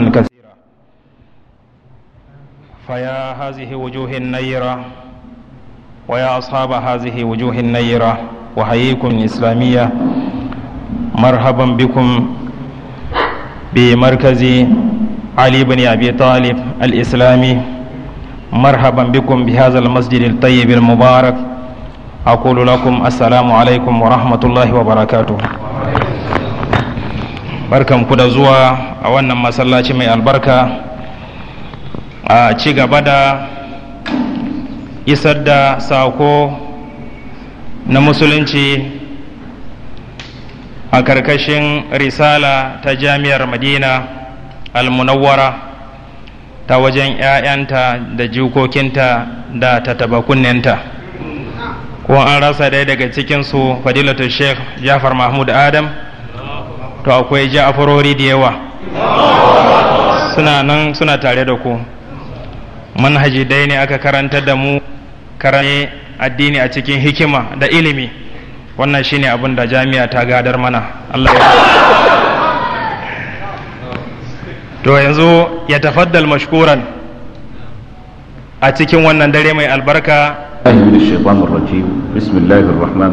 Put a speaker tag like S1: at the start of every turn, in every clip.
S1: كثيرة فيا هذه وجوه النيرة ويا أصحاب هذه وجوه النيرة وحييكم الإسلامية مرحبا بكم بمركز علي بن أبي طالب الإسلامي مرحبا بكم بهذا المسجد الطيب المبارك أقول لكم السلام عليكم ورحمة الله وبركاته barkan ku da zuwa a wannan masallaci mai albarka a ci gaba da isar da sako na musulunci a karkashin risala ta jami'ar madina almunawwara ta wajen 'ya'yanta da jikokinta da ta tattabakunninta ko an rasa ɗaya daga cikin su fadilatu sheikh jafar mahmud adam to akwai ja'afarori da yawa suna nan suna tare da ku manhaji dai ne aka karanta da mu karane addini a cikin hikima da ilimi wannan shine abin da jami'a ta gadar mana Allah ya to yanzu ya tafaddal mashkuran a cikin wannan dare mai albarka
S2: أهل الشيطان الرجيم بسم الله الرحمن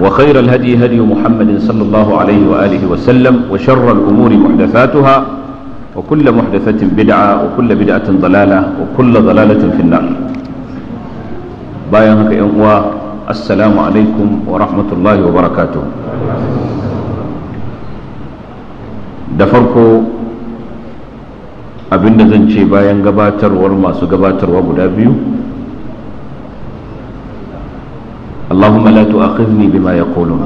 S2: وخير الهدي هدي محمد صلى الله عليه وآله وسلم وشر الأمور محدثاتها وكل محدثة بدعة وكل بدعة ضلالة وكل ضلالة في النار بايعك يا السلام عليكم ورحمة الله وبركاته دفركو أبن نزنشي بايان قباتر bayan gabatarwar وابو اللهم لا تؤاخذني بما يقولون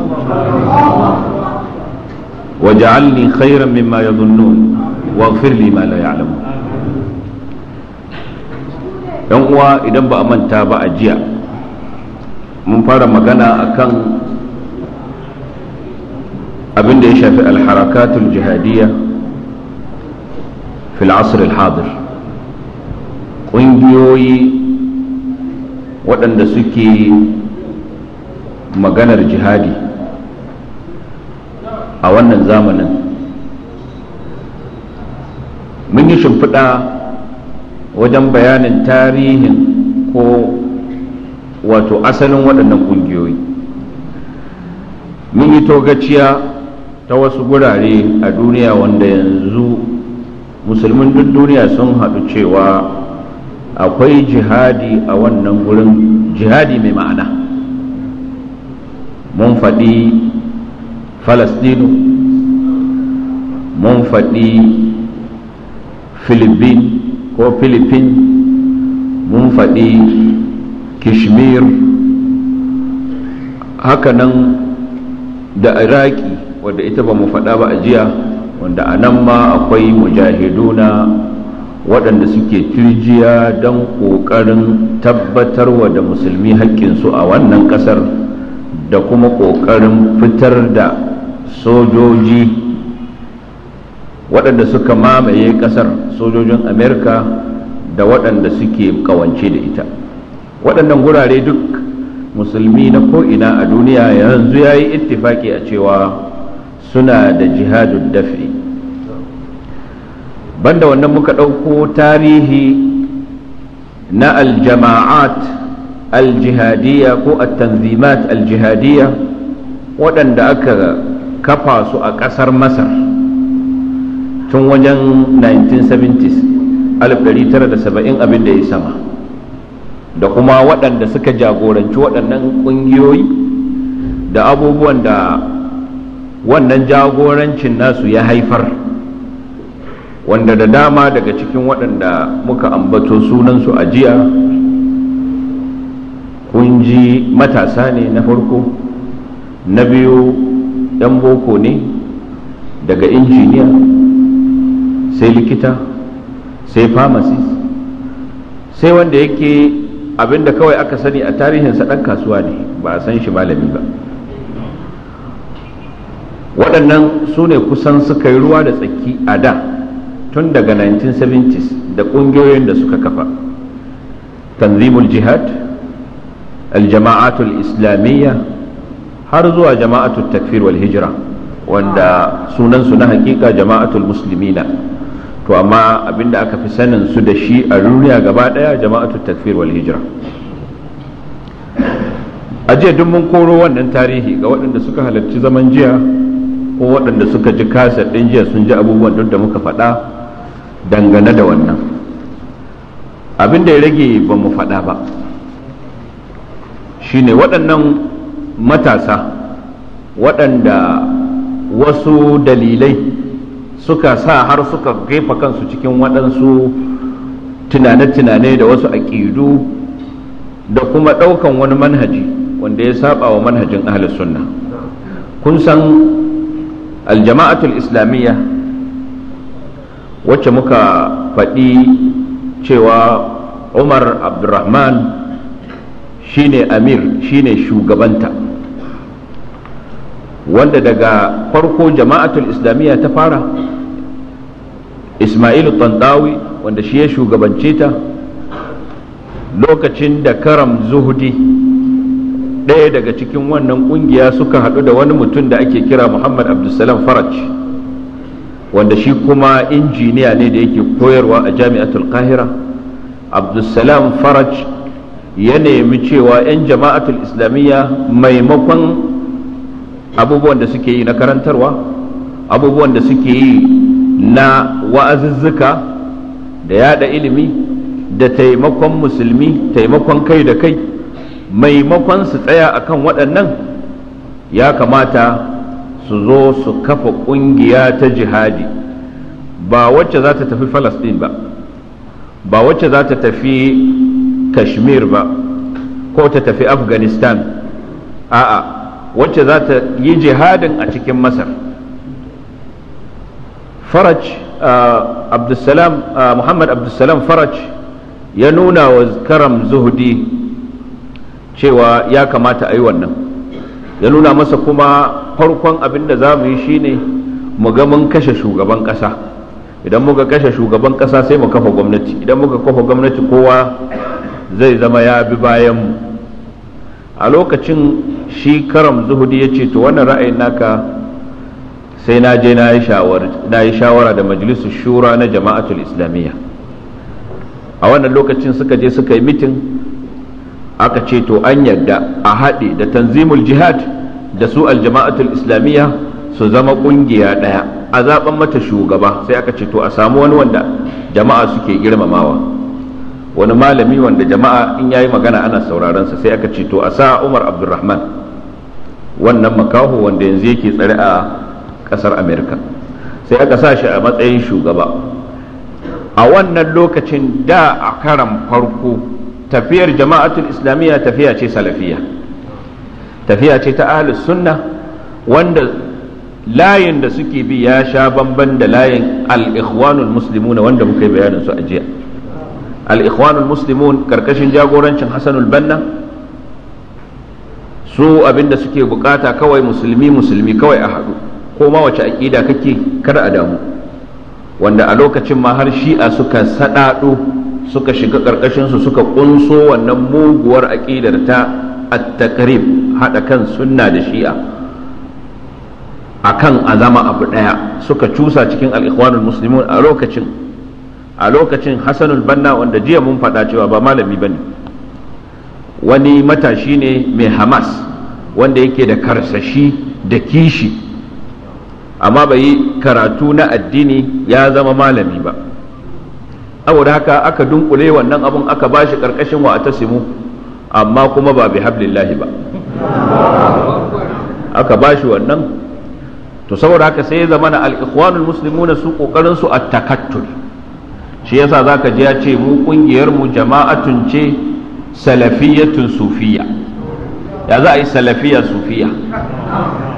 S2: واجعلني خيرا مما يظنون واغفر لي ما لا يعلمون ɗan uwa idan ba a manta ba a jiya mun fara magana a kan abin da ya shafi alharakatul jihadiyya fil asr al-hadir ƙungiyoyi waɗanda suke maganar jihadi
S3: a wannan zamanin
S2: mun yi shimfiɗa wajen bayanin tarihin ko wato asalin waɗannan ƙungiyoyi mun yi togaciya ta wasu gurare a duniya wanda yanzu musulmin duk duniya sun haɗu cewa akwai jihadi a wannan gurin jihadi mai ma'ana mun faɗi falastino mun faɗi filibin ko filipin mun faɗi kishmir hakanan da iraki wadda ita ba mu faɗa ba a jiya wanda a nan ma akwai mujahiduna waɗanda suke turjiya don ƙoƙarin tabbatarwa da musulmi haƙƙinsu a wannan ƙasar da kuma ƙoƙarin fitar da sojoji waɗanda suka mamaye ƙasar sojojin amerika da waɗanda suke ƙawance da ita waɗannan gurare duk musulmi na ko'ina a duniya yanzu ya yi ittifaki a cewa suna da jihadun dafi banda wannan muka ɗauko tarihi na aljama'at aljihadiyya ko at-tanzimat aljihadiyya waɗanda aka kafa su a ƙasar masar tun wajen 1970s 1970 abin da ya sama da kuma waɗanda suka jagoranci waɗannan ƙungiyoyi da abubuwan da wannan jagorancin nasu ya haifar wanda da dama daga cikin waɗanda muka ambato sunansu a jiya ji matasa ne na farko na biyu ɗan boko ne daga injiniya sai likita sai pharmacist sai wanda yake abinda kawai aka sani a tarihinsa ɗan kasuwa ne ba a san shi malami ba waɗannan su ne kusan suka yi ruwa da tsaki a da tun daga 1970s da ƙungiyoyin da suka kafa tanzimul jihad aljama'atul islamiyya har zuwa jama'atu takfir wal hijira wanda sunansu na hakika jama'atul muslimina to amma abinda aka fi sanin su da shi a duniya gaba daya jama'atu takfir wal hijira a duk mun koro wannan tarihi ga waɗanda suka halarci zaman jiya ko waɗanda suka ji kasar ɗin jiya sun ji abubuwan duk da muka faɗa dangane da wannan abin da ya rage ba mu faɗa ba shine waɗannan matasa waɗanda wasu dalilai suka sa har suka gefa kansu cikin waɗansu tunane-tunane da wasu aƙidu da kuma ɗaukan wani manhaji wanda ya saba wa manhajin ahli sunna kun san aljama'atul islamiyya wacce muka faɗi cewa umar Abdulrahman. shine amir shine shugabanta wanda daga farko jama'atul islamiyya ta fara ismailu tantawi wanda shi ya shugabance ta lokacin da karam zuhudi ɗaya daga cikin wannan ƙungiya suka haɗu da wani mutum da ake kira muhammad abdulsalam faraj wanda shi kuma injiniya ne da yake koyarwa a jami'atul kahira abdulsalam faraj ya nemi cewa 'yan jama'atul islamiyya maimakon abubuwan da suke yi na karantarwa abubuwan da suke yi na wa'azuzzuka da yada ilimi da taimakon musulmi taimakon kai da kai maimakon su tsaya akan waɗannan ya kamata su zo su kafa ƙungiya ta jihadi ba wacce za ta tafi falasɗin ba ba wacce za ta tafi kashmir ba ko ta tafi afghanistan a'a wacce za ta yi jihadin a cikin masar faraj abdulsalam muhammad abdulsalam faraj ya nuna wa karam zuhudi cewa ya kamata a yi wannan ya nuna masa kuma farkon abin da za mu yi shine mu ga mun kashe shugaban ƙasa idan muka kashe shugaban ƙasa sai mu kafa gwamnati idan muka kafa gwamnati kowa zai zama ya bi bayan mu a lokacin shi karam zuhudi ya ce to wannan ra'ayin naka sai na je na yi shawara da majalisar shura na jama'atul islamiyya a wannan lokacin suka je suka yi mitin aka ce to an yadda a haɗe da tanzimul jihad da su aljama'atul islamiyya su zama ƙungiya ɗaya a zaben mata shugaba sai aka ce to a samu wani wanda jama'a suke girmamawa wani malami wanda jama'a in yayi magana ana sauraron sa sai aka ce to a sa Umar Abdulrahman wannan makaho wanda yanzu yake tsare a kasar America sai aka sa shi a matsayin shugaba a wannan lokacin da a karan farko tafiyar jama'atul islamiyya tafiya ce salafiya tafiya ce ta ahlus sunna wanda layin da suke bi ya sha bamban da layin al-ikhwanul muslimuna wanda muka yi bayanin su a jiya al-ikhwanul karkashin jagorancin hasanul banna su abinda suke bukata kawai musulmi musulmi kawai a haɗu ko ma wace aƙida kake kar a damu wanda a lokacin ma har shi'a suka saɗaɗo suka shiga ƙarƙashinsu suka ƙunso wannan muguwar aƙidar ta attakarib haɗa kan sunna da shi'a a kan azama abu ɗaya suka cusa cikin al'ikwanul musulmin a lokacin a lokacin Hassanul banna wanda jiya mun faɗa cewa ba malami ba ne wani matashi ne mai hamas wanda yake da karsashi da kishi amma bai yi karatu na addini ya zama malami ba saboda haka aka dunkule wannan abun aka ba shi ƙarƙashin wa tasimu amma kuma ba bi hablillahi ba aka ba shi wannan to saboda haka sai ya zama na al'ikhwanul muslimuna su ƙoƙarin su a takattul shi yasa zaka je ya ce mu kungiyarmu mu jama'atun ce salafiyatun sufiya ya za a yi salafiya sufiya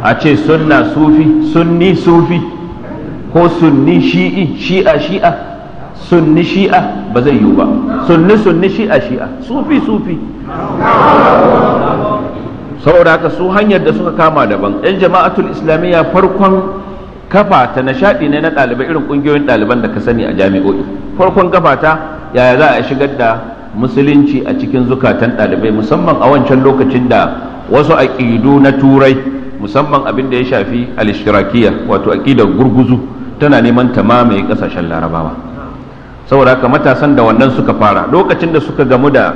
S2: a ce sunna sufi sunni sufi ko sunni shi'i shi'a shi'a sunni shi'a ba zai yiwu ba sunni sunni shi'a shi'a sufi sufi saboda haka su hanyar da suka kama daban yan jama'atul islamiyya farkon kafa ta nishadi ne na ɗalibai irin ƙungiyoyin ɗaliban da ka sani a jami'o'i farkon kafa ta yaya za a shigar da musulunci a cikin zukatan ɗalibai musamman a wancan lokacin da wasu aƙidu na turai musamman abin da ya shafi alishirakiya wato aƙidar gurguzu tana neman ta mamaye ƙasashen larabawa saboda haka matasan da wannan suka fara lokacin da suka gamu da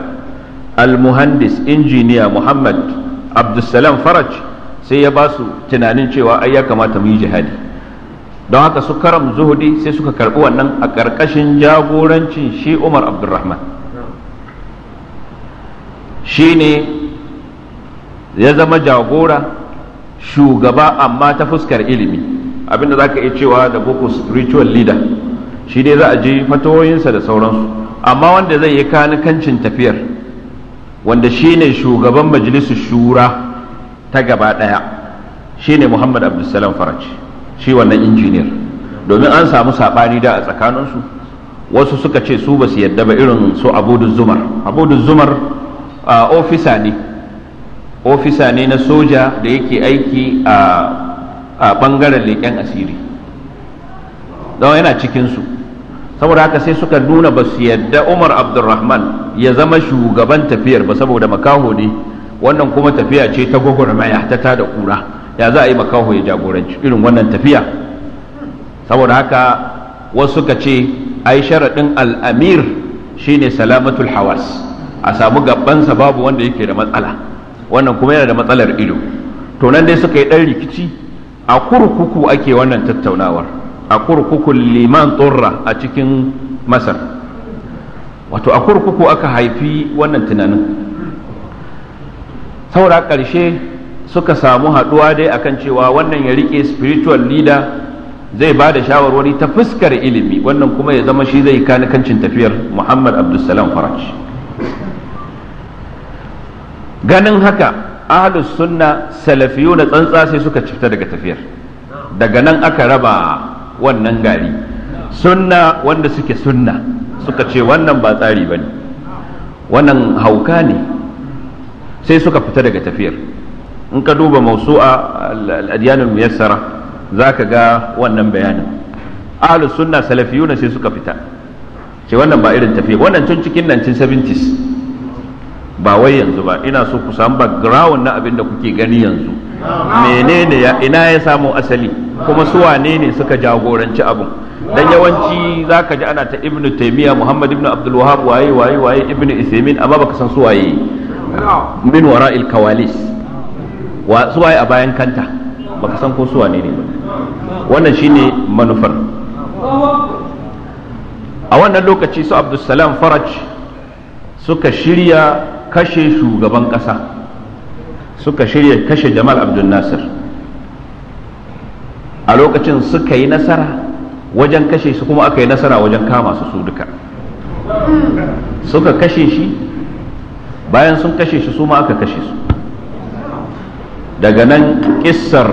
S2: almuhandis injiniya muhammad abdulsalam faraj sai ya ba su tunanin cewa ai ya kamata mu yi jihadi don haka su karam zuhudi sai suka karbi wannan a ƙarƙashin jagorancin shi umar abdulrahman shi ne ya zama jagora shugaba amma ta fuskar ilimi abinda za ka iya cewa da boko spiritual leader shi dai za a ji fatoyinsa da sauransu amma wanda zai yi kanikancin tafiyar wanda shi ne shugaban majalisar shura ta gaba ɗaya shi ne muhammad abdulsalam faraci shi wannan injiniyar domin an samu saɓani da a tsakaninsu wasu suka ce su ba su yadda ba irin su abudun zumar abudun zumar a ofisa ne ofisa ne na soja da yake aiki a ɓangaren leƙen asiri don yana cikinsu saboda haka sai suka nuna ba su yadda umar abdulrahman ya zama shugaban tafiyar ba saboda makaho ne wannan kuma tafiya ce ta gwagwarmaya ta tada kura ya za a yi makaho ya jagoranci irin wannan tafiya saboda haka wasu suka ce ai sharaɗin al'amir shine salamatul hawas a samu gabansa babu wanda yake da matsala wannan kuma yana da matsalar ido to nan dai suka yi ɗan rikici a kurkuku ake wannan tattaunawar a kurkukun liman tsorra a cikin masar wato a kurkuku aka haifi wannan tunanin saura ƙarshe suka samu haɗuwa dai akan cewa wannan ya riƙe spiritual leader zai ba da shawarwari ta fuskar ilimi wannan kuma ya zama shi zai kanikancin tafiyar muhammad abdulsalam faraj ganin haka ahlus sunna salafiyu na tsantsa sai suka cifta daga tafiyar daga nan aka raba wannan gari sunna wanda suke sunna suka ce wannan ba tsari ba ne wannan hauka ne sai suka fita daga tafiyar in ka duba mausu'a al-adyanul muyassara zaka ga wannan bayanin ahlu sunna salafiyuna sai suka fita ce wannan ba irin tafiya wannan tun cikin 1970s ba wai yanzu ba ina so ku samu background na abin da kuke gani yanzu menene ya ina ya samu asali kuma su wane ne suka jagoranci abin dan yawanci zaka ji ana ta ibnu taymiya muhammad ibnu abdul wahhab waye waye waye ibnu isaimin amma baka san su waye min wara'il kawalis su waye a bayan kanta baka san ko suwa ne ne ba wannan shine manufar a wannan lokaci su abdulsalam faraj suka shirya kashe shugaban ƙasa suka shirya kashe jamal abdul nasir a lokacin suka yi nasara wajen kashe su kuma aka yi nasara wajen kama su su duka suka kashe shi bayan sun kashe shi su ma aka kashe su daga nan kissar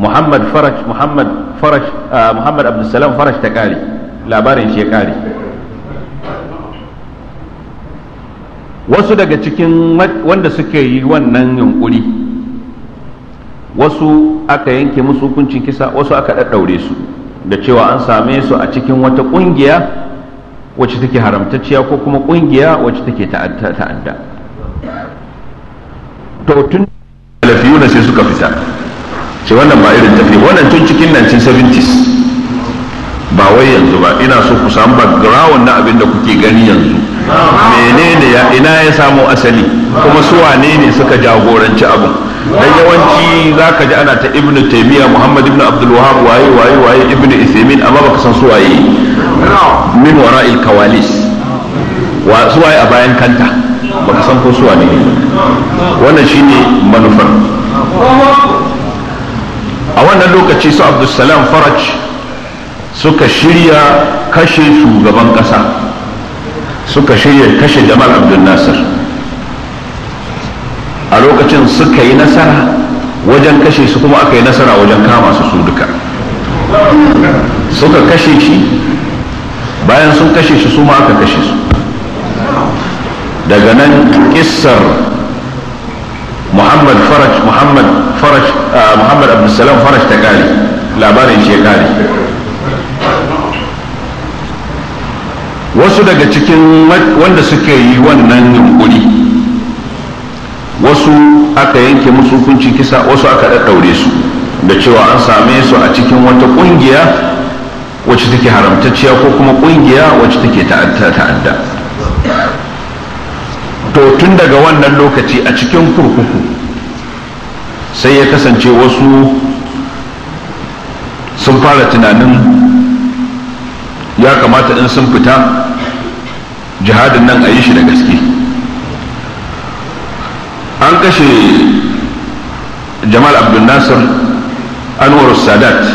S2: muhammad farash muhammad farash ah, muhammad abdulsalam farash ta kare labarin shi ya kare wasu daga cikin wanda suke yi wannan yunkuri wasu aka yanke musu hukuncin kisa wasu aka ɗaɗɗaure su da cewa an same su a cikin wata ƙungiya wacce take haramtacciya ko kuma ƙungiya wacce take ta'adda to tun salafiyuna sai suka fita ce wannan ba irin tafiya wannan tun cikin 1970s ba wai yanzu ba ina so ku samu background na abin da kuke gani yanzu menene ya ina ya samo asali kuma su wane ne suka jagoranci abin dan yawanci za ka ji ana ta ibnu taymiya muhammad ibnu abdul wahab waye waye waye ibnu isimin amma baka san su waye min wara'il kawalis wa su waye a bayan kanta baka san ko su ne wannan shine manufar a wannan lokaci su abdulsalam faraj suka shirya kashe shugaban kasa suka shirya kashe jamal abdul nasir a lokacin suka yi nasara wajen kashe su kuma aka yi nasara wajen kama su su duka suka kashe shi bayan sun kashe shi su ma aka kashe su daga nan kissar muhammad faraj muhammad faraj ah, muhammad abdulsalam faraj ta kare labarin shi ya kare wasu daga cikin wanda suke yi wannan yunkuri wasu aka yanke musu hukunci kisa wasu aka daddaure su da cewa an same su a cikin wata kungiya wacce take haramtacciya ko kuma kungiya wacce take ta'adda to tun daga wannan lokaci a cikin kurkuku sai ya kasance wasu sun fara tunanin ya kamata in sun fita jihadin nan a yi shi da gaske an kashe jamal abdul nasir anwar sadat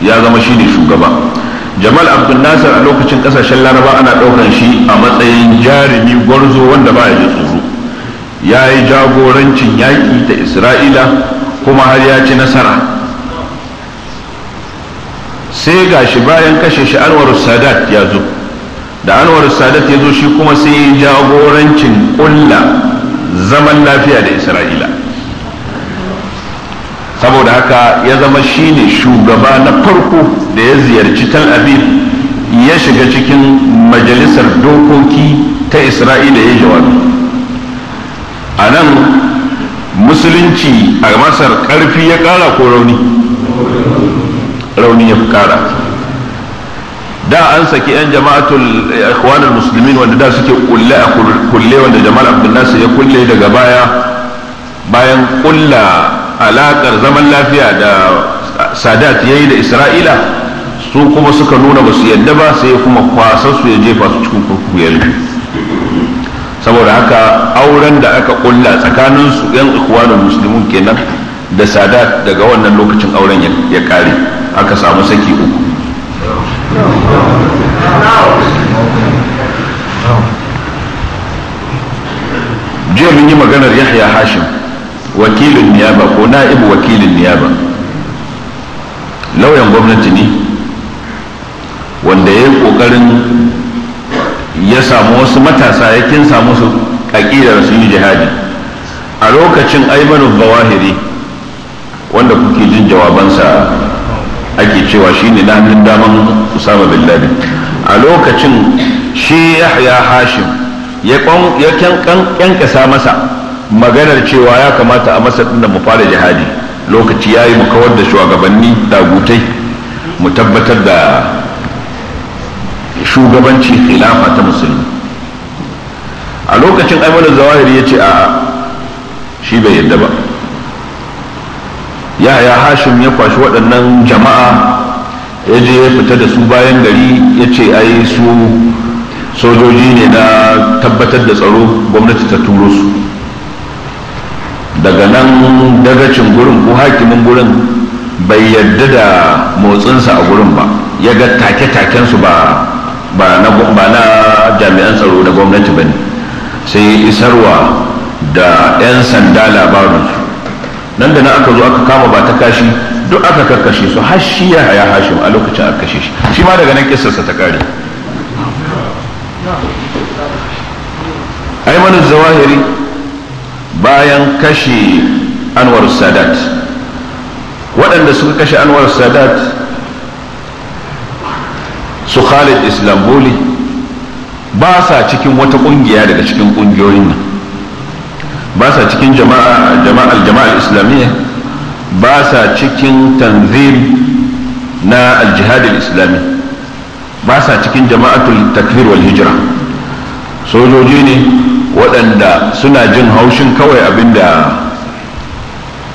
S2: ya zama shine shugaba jamal abdul nasir a lokacin kasashen laraba ana ɗaukan shi a matsayin jarumi gwarzo wanda ba ya tsoro ya yi jagorancin yaƙi ta isra'ila kuma har ya ci nasara sai ga shi bayan kashe shi anwar sadat ya zo da anwar sadat ya zo shi kuma sai ya yi jagorancin ƙulla zaman lafiya da isra'ila saboda haka ya zama shine shugaba na farko da ya ziyarci tel aviv ya shiga cikin majalisar dokoki ta isra'ila ya jawabi a nan musulunci a masar karfi ya kara ko rauni rauni ya fi kara da an saki 'yan jama'atul ikhwanul musulmin wanda da suke kulle a kulle wanda jama'ar abdullasir ya kulle daga baya bayan kulla alaƙar zaman lafiya da sadat ya yi da isra'ila su kuma suka nuna ba su yadda ba sai kuma kwasar su ya jefa su cikin kurkuku ya rufe saboda haka auren da aka kulla tsakanin su yan ikhwanul musulmin kenan da sadat daga wannan lokacin auren ya kare aka samu saki uku jiya mun yi maganar yahya hashim wakilin niyaba ko na'ibu wakilin niyaba lauyan gwamnati ne wanda ya yi kokarin ya samu wasu matasa ya kin samu su aƙidar su yi jihadi a lokacin aimanul bawahiri wanda kuke jin jawabansa ake cewa shi ne na hannun daman usama bin a lokacin shi yahya hashim ya kyankasa masa maganar cewa ya kamata a masa ɗin da mu fara jihadi lokaci ya yi mu kawar da shugabanni dagutai mu tabbatar da shugabanci khilafa ta musulmi a lokacin aimanu zawahiri ya ce a shi bai yadda ba ya ya hashim ya kwashi waɗannan jama'a ya je ya fita da su bayan gari ya ce ai su sojoji ne na tabbatar da tsaro gwamnati ta turo su daga nan dagacin gurin ko hakimin gurin bai yarda da motsinsa a gurin ba ya ga take taken su ba na jami'an tsaro da gwamnati ba ne sai isarwa da 'yan sanda labarin nan da na aka zo aka kama ba ta kashi duk aka karkashe su har shi ya haya hashim a lokacin aka kashe shi shi ma daga nan kisarsa ta kare Ai aimanin zawahiri bayan kashe anwar sadat waɗanda suka kashe anwar sadat su khalid islamboli ba sa cikin wata ƙungiya daga cikin ƙungiyoyin nan ba sa cikin jama'al jama'al islamiyya ba sa cikin tanzim na aljihad islami ba sa cikin jama'atul takfir wal hijira sojoji ne waɗanda suna jin haushin kawai abinda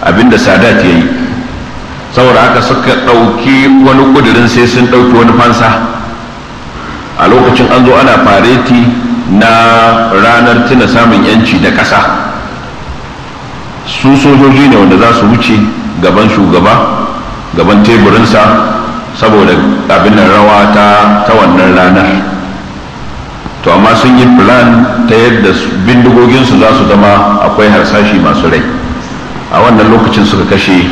S2: da sadat ya yi saboda aka suka ɗauki wani ƙudurin sai sun ɗauki wani fansa a lokacin an zo ana fareti na ranar tuna samun yanci da ƙasa su sojoji ne wanda za su wuce gaban shugaba gaban teburinsa saboda abin rawa ta wannan ranar to amma sun yi plan ta yadda bindigoginsu za su zama akwai harsashi masu rai a wannan lokacin suka kashe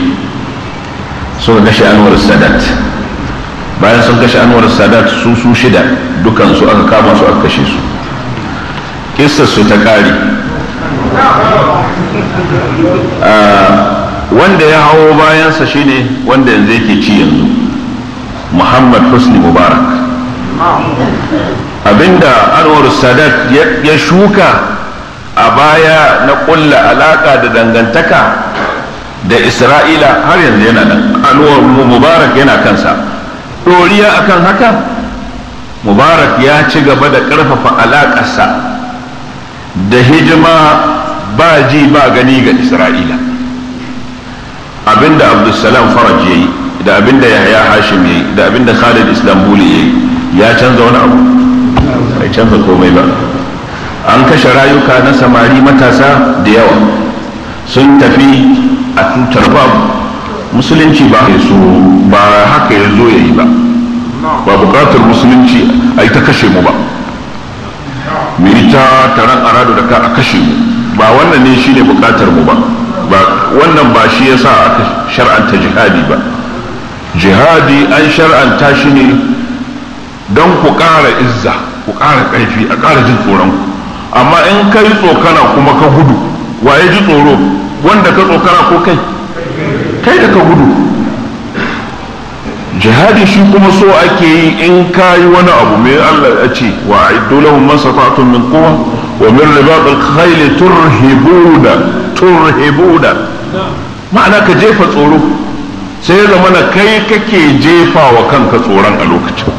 S2: suka kashe anwar sadat bayan sun kashe anwar sadat su su shida dukansu aka kama su aka kashe su kistar su ta kari
S3: ah,
S2: wanda ya hawo bayansa shine wanda yanzu yake ci yanzu muhammad husni mubarak abinda anwar sadat ya shuka a baya na kulla alaƙa da dangantaka da isra'ila har yanzu yana nan anwar mubarak yana kansa ɗoriya akan haka mubarak ya ci gaba da ƙarfafa alaƙarsa da hijima ba ji ba gani ga isra'ila abinda abdulsalam faraj ya yi da abinda yahya hashim ya yi da abinda khalid islambuli ya yi ya canza wani abu bai canza komai ba an kashe rayuka na samari matasa da yawa sun tafi a tutar babu musulunci ba su ba haka ya zo ya yi ba ba bukatar musulunci a yi ta kashe mu ba mu yi ta taron arado da ka a kashe mu ba wannan ne shi ne bukatar mu ba wannan ba shi ya sa a shar'anta jihadi ba jihadi an shar'anta shi ne don ku ƙara izza ku ƙara ƙarfi a ƙara jin tsoron ku amma in ka yi tsokana kuma ka gudu waye ji tsoro wanda ka tsokana ko kai kai da ka gudu jihadi shi kuma so ake yi in ka yi wani abu mai allah ya ce wa aiddu masa masafatun min kowa wa min ribat khaili khayl turhibuna ma'ana ka jefa tsoro sai ya zama kai kake jefa wa kanka tsoron a lokacin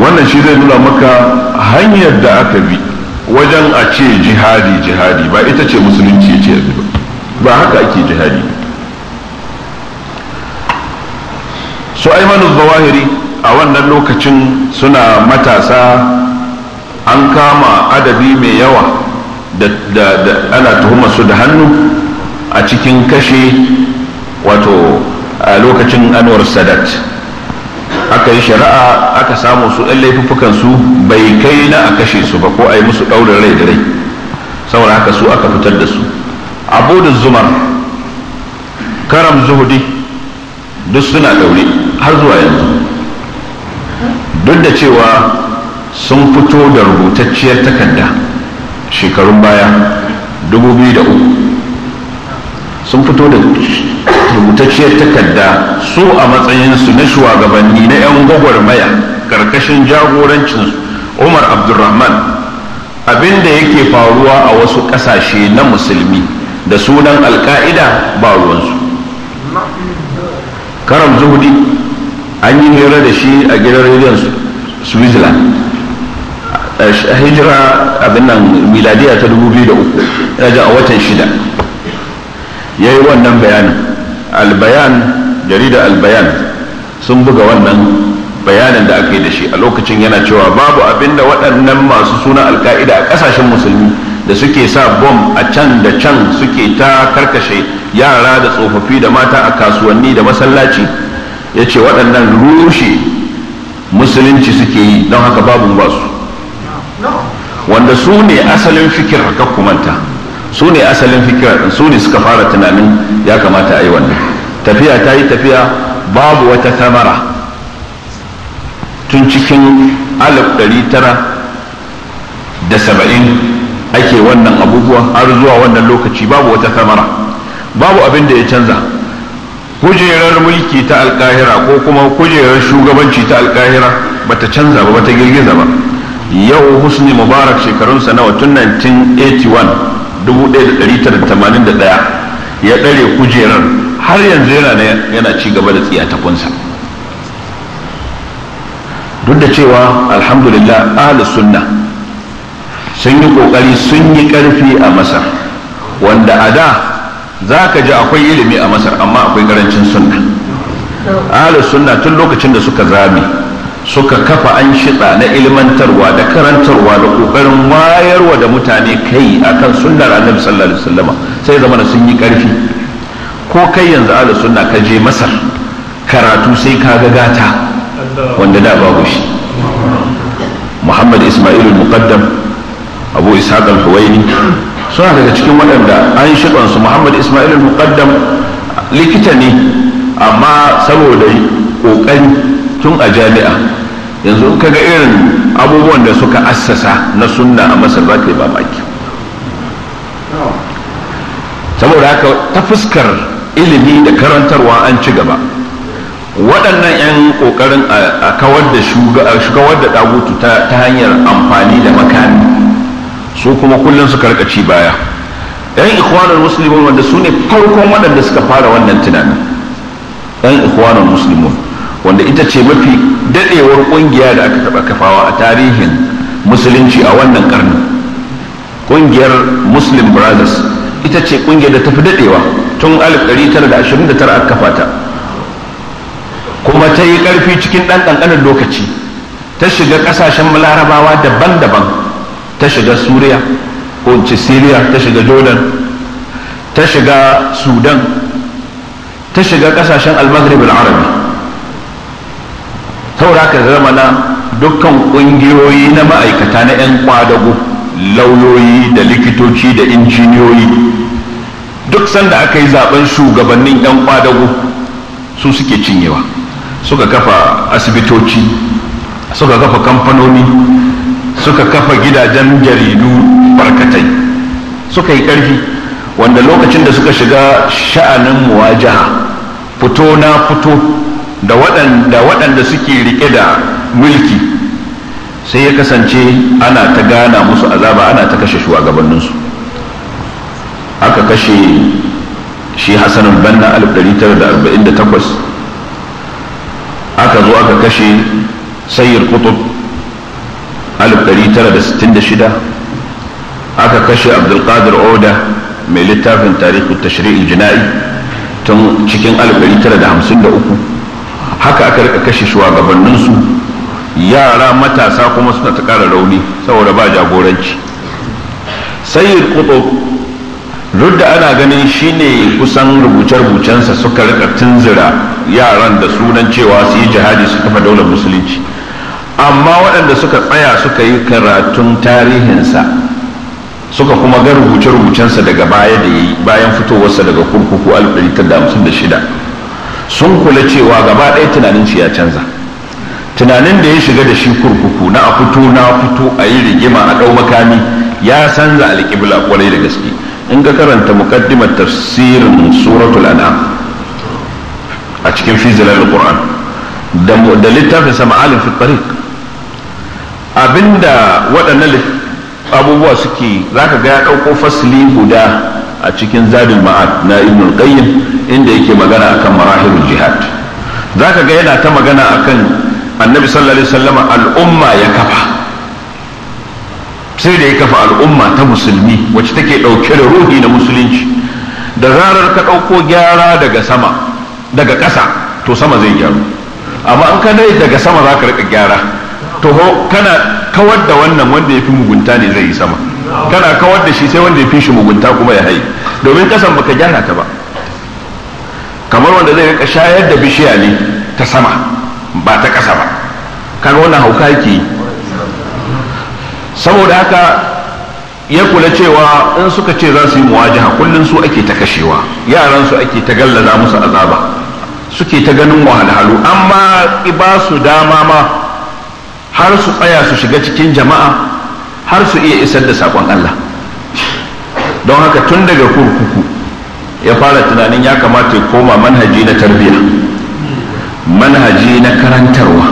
S2: wannan shi zai nuna maka hanyar da aka bi wajen a ce jihadi jihadi ba ita ce musulunci ce yanzu ba haka ake jihadi su aimanu zawahiri a wannan lokacin suna matasa an kama adabi mai yawa da ana tuhuma su da hannu a cikin kashe wato a lokacin anwar sadat aka yi shari'a aka samu su ɗan laifuffukan su bai kai na a kashe su ba ko a yi musu ɗaurin rai da rai saboda haka su aka fitar da su abudin zumar karam zuhudi duk suna ɗaure har zuwa yanzu duk da cewa sun fito da rubutacciyar takarda shekarun baya uku. sun fito da rubutacciyar takarda su a matsayinsu na shugabanni na 'yan gwagwarmaya karkashin jagorancinsu umar abdulrahman abin da yake faruwa a wasu ƙasashe na musulmi da sunan alka'ida ba ruwansu karam zuhudi an yi hira da shi a gidan rediyon switzerland hijira abin nan miladiya ta 2003 a watan shida ya yi wannan bayanin albayan jarida albayan sun buga wannan bayanin da aka yi da shi a lokacin yana cewa babu abin da waɗannan masu suna alka'ida a ƙasashen musulmi da suke sa bom a can da can suke ta karkashe yara da tsofaffi da mata a kasuwanni da masallaci ya ce waɗannan rushe musulunci suke yi don haka babu basu wanda su ne asalin fikir ka kumanta su ne asalin fikira su ne suka fara tunanin ya kamata a yi wannan tafiya ta yi tafiya babu wata tamara tun cikin alif ɗari tara da saba'in ake wannan abubuwa har zuwa wannan lokaci babu wata tamara babu abin da ya canza kujerar mulki ta alkahira ko kuma kujerar shugabanci ta alkahira ta canza ba ba ta girgiza ba yau husni mubarak shekarunsa nawa tun 1981 1981 ya ɗare kujerar har yanzu yana yana ci gaba da tsiya tsiyatakunsa duk da cewa alhamdulillah ahli sunna sun yi ƙoƙari sun yi ƙarfi a masar wanda a da za ka ji akwai ilimi a masar amma akwai ƙarancin sunna ahli sunna tun lokacin da suka zame suka kafa an shiɗa na ilmantarwa da karantarwa da ƙoƙarin wayarwa da mutane kai akan sunnar annabi sallallahu alaihi wasallam sai zama da sun yi ƙarfi ko kai yanzu ala sunna ka je masar karatu sai ka ga
S3: gata wanda da
S2: babu shi muhammad ismail muqaddam abu ishaq al-huwaini suna daga cikin waɗanda an su muhammad ismail muqaddam likita ne amma saboda ƙoƙari tun a jami'a yanzu in kaga irin abubuwan da suka assasa na sunna a masar za ka yi mamaki saboda haka ta fuskar ilimi da karantarwa an ci gaba waɗannan 'yan ƙoƙarin a kawar da shugabar da ɗagutu ta hanyar amfani da makami su kuma kullum su karkaci baya 'yan ikhwanul musulmin wanda su ne farkon waɗanda suka fara wannan tunanin 'yan ikhwanul musulmin wanda ita ce mafi dadewar kungiya da aka taba kafawa a tarihin musulunci a wannan karni kungiyar muslim brothers ita ce kungiyar da tafi fi dadewa tun 1929 aka kafa ta kuma ta yi karfi cikin ɗan kankanin lokaci ta shiga ƙasashen larabawa daban-daban ta shiga suriya ko ce syria ta shiga jordan ta shiga sudan ta shiga ƙasashen al-maghrib al-arabi taura ka zama na dukkan ƙungiyoyi na ma'aikata na 'yan kwadago lauyoyi da likitoci da injiniyoyi duk sanda aka yi zaben shugabannin 'yan kwadago su suke cinyewa suka kafa asibitoci suka kafa kamfanoni suka kafa gidajen jaridu barkatai suka yi ƙarfi wanda lokacin da suka shiga sha'anin muwajaha fito na fito da waɗanda suke rike da mulki sai ya kasance ana ta gana musu azaba ana ta kashe shugabanninsu aka kashe shi hassanin banna 1948 aka zo aka kashe sayyar kutub 1966 aka kashe abdulkadir oda mai littafin ta tashri'il jina'i tun cikin 1953 haka aka rika kashe shugabanninsu yara matasa kuma suna ta kara rauni saboda ba jagoranci sayyid kutub duk da ana ganin shine kusan rubuce-rubucensa suka rika tunzira yaran da sunan cewa su yi jihadi su kafa daular musulunci amma waɗanda suka tsaya suka yi karatun tarihinsa suka kuma ga rubuce-rubucensa daga baya da yi bayan fitowarsa daga kurkuku 1956 sun kula cewa gaba ɗaya tunanin shi ya canza tunanin da ya shiga da shi kurkuku na a fito na fito a yi rigima a ɗau makami ya canza alƙibla kwarai da gaske in ka karanta muqaddimar tafsirin suratul an'am a cikin fizilar qur'an da littafin sama alif abinda waɗannan abubuwa suke zaka ga ya ɗauko fasili guda a cikin zadul ma'ad na ibn qayyim inda yake magana akan marahilul jihad zaka ga yana ta magana akan annabi sallallahu alaihi wasallam al'umma ya kafa sai da ya kafa al'umma ta musulmi wacce take dauke da ruhi na musulunci da zarar ka dauko gyara daga sama daga ƙasa to sama zai gyaru amma an ka dai daga sama za ka rika gyara to kana kawar da wannan wanda ya fi mugunta ne zai yi sama kana kawar da shi sai wanda ya fi shi mugunta kuma ya haihu. domin kasan baka gyara ta ba kamar wanda zai rika shayar da bishiya ne ta sama ba ta kasa ba kaga wannan hauka yake saboda haka ya kula cewa in suka ce za su yi muwajaha kullum su ake ta kashewa yaran su ake ta gallaza musu azaba suke ta ganin wahalhalu amma ba su dama ma har su tsaya su shiga cikin jama'a har su iya isar da saƙon Allah don haka tun daga kurkuku ya fara tunanin ya kamata ya koma manhaji na tarbiyya manhaji na karantarwa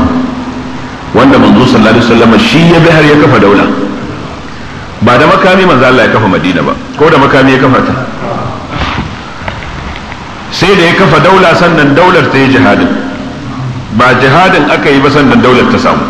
S2: wanda manzo sallallahu alaihi wasallam shi ya bi har ya kafa daula ba da makami manzo Allah ya kafa Madina ba ko da makami ya kafa ta sai da ya kafa daula sannan daular ta yi jihadin ba jihadin aka yi ba sannan daular ta samu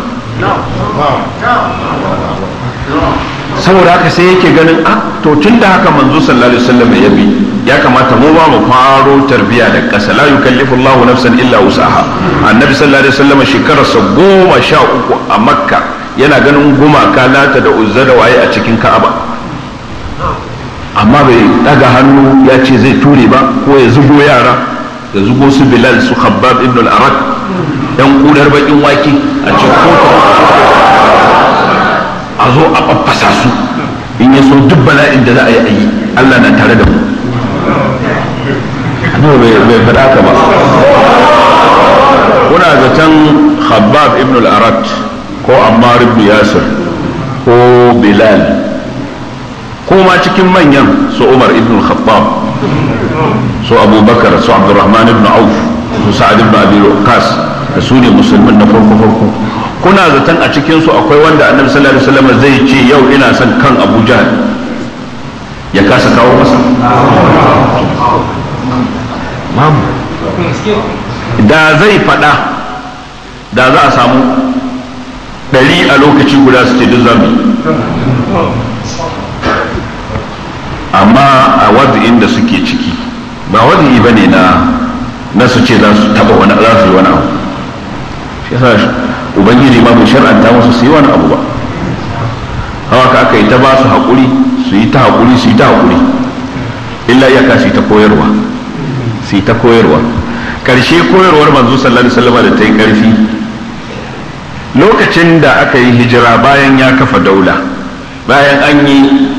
S1: saboda haka sai yake
S2: ganin a ah, to tun da haka manzo sallallahu alaihi wasallam ya bi ya kamata mu ba mu faro tarbiya da kasa la yukallifu Allahu nafsan illa wusaha annabi sallallahu alaihi wasallam shekarar sa goma sha uku a makka yana ganin gumaka lata da uzza da waye a cikin ka'aba amma bai daga hannu ya ce zai ture ba ko ya zubo yara ya zubo su bilal su khabbab ibn al-arak dan kudar bakin wake a cikin kotu. a zo a faffasa su in ya so duk bala'in da za a yi a yi Allah na tare da mu no bai faɗa ka ba kuna zaton habab ibn al-arat ko ammar ibn yasir ko bilal ko ma cikin manyan su umar ibn al-khattab su abubakar su abdurrahman ibn auf su sa'ad ibn abi da su ne musulmin na farko farko kuna zaton a cikinsu akwai wanda annabi sallallahu alaihi wasallam zai ce yau ina son kan abu jahal ya kasa kawo masa da zai faɗa da za a samu ɗari a lokaci guda su ce duk zami amma a wadda da suke ciki ba wazi'i ba ne na su ce za su taɓa wani za wani abu ubangiji ma bai shar'anta musu su yi wani abu ba haka aka yi ta ba su haƙuri su yi ta haƙuri su yi ta haƙuri illa iyaka su yi ta koyarwa su yi ta koyarwa karshe koyarwar manzo sallallahu alaihi wasallam da ta yi ƙarfi lokacin da aka yi hijira bayan ya kafa daula bayan an yi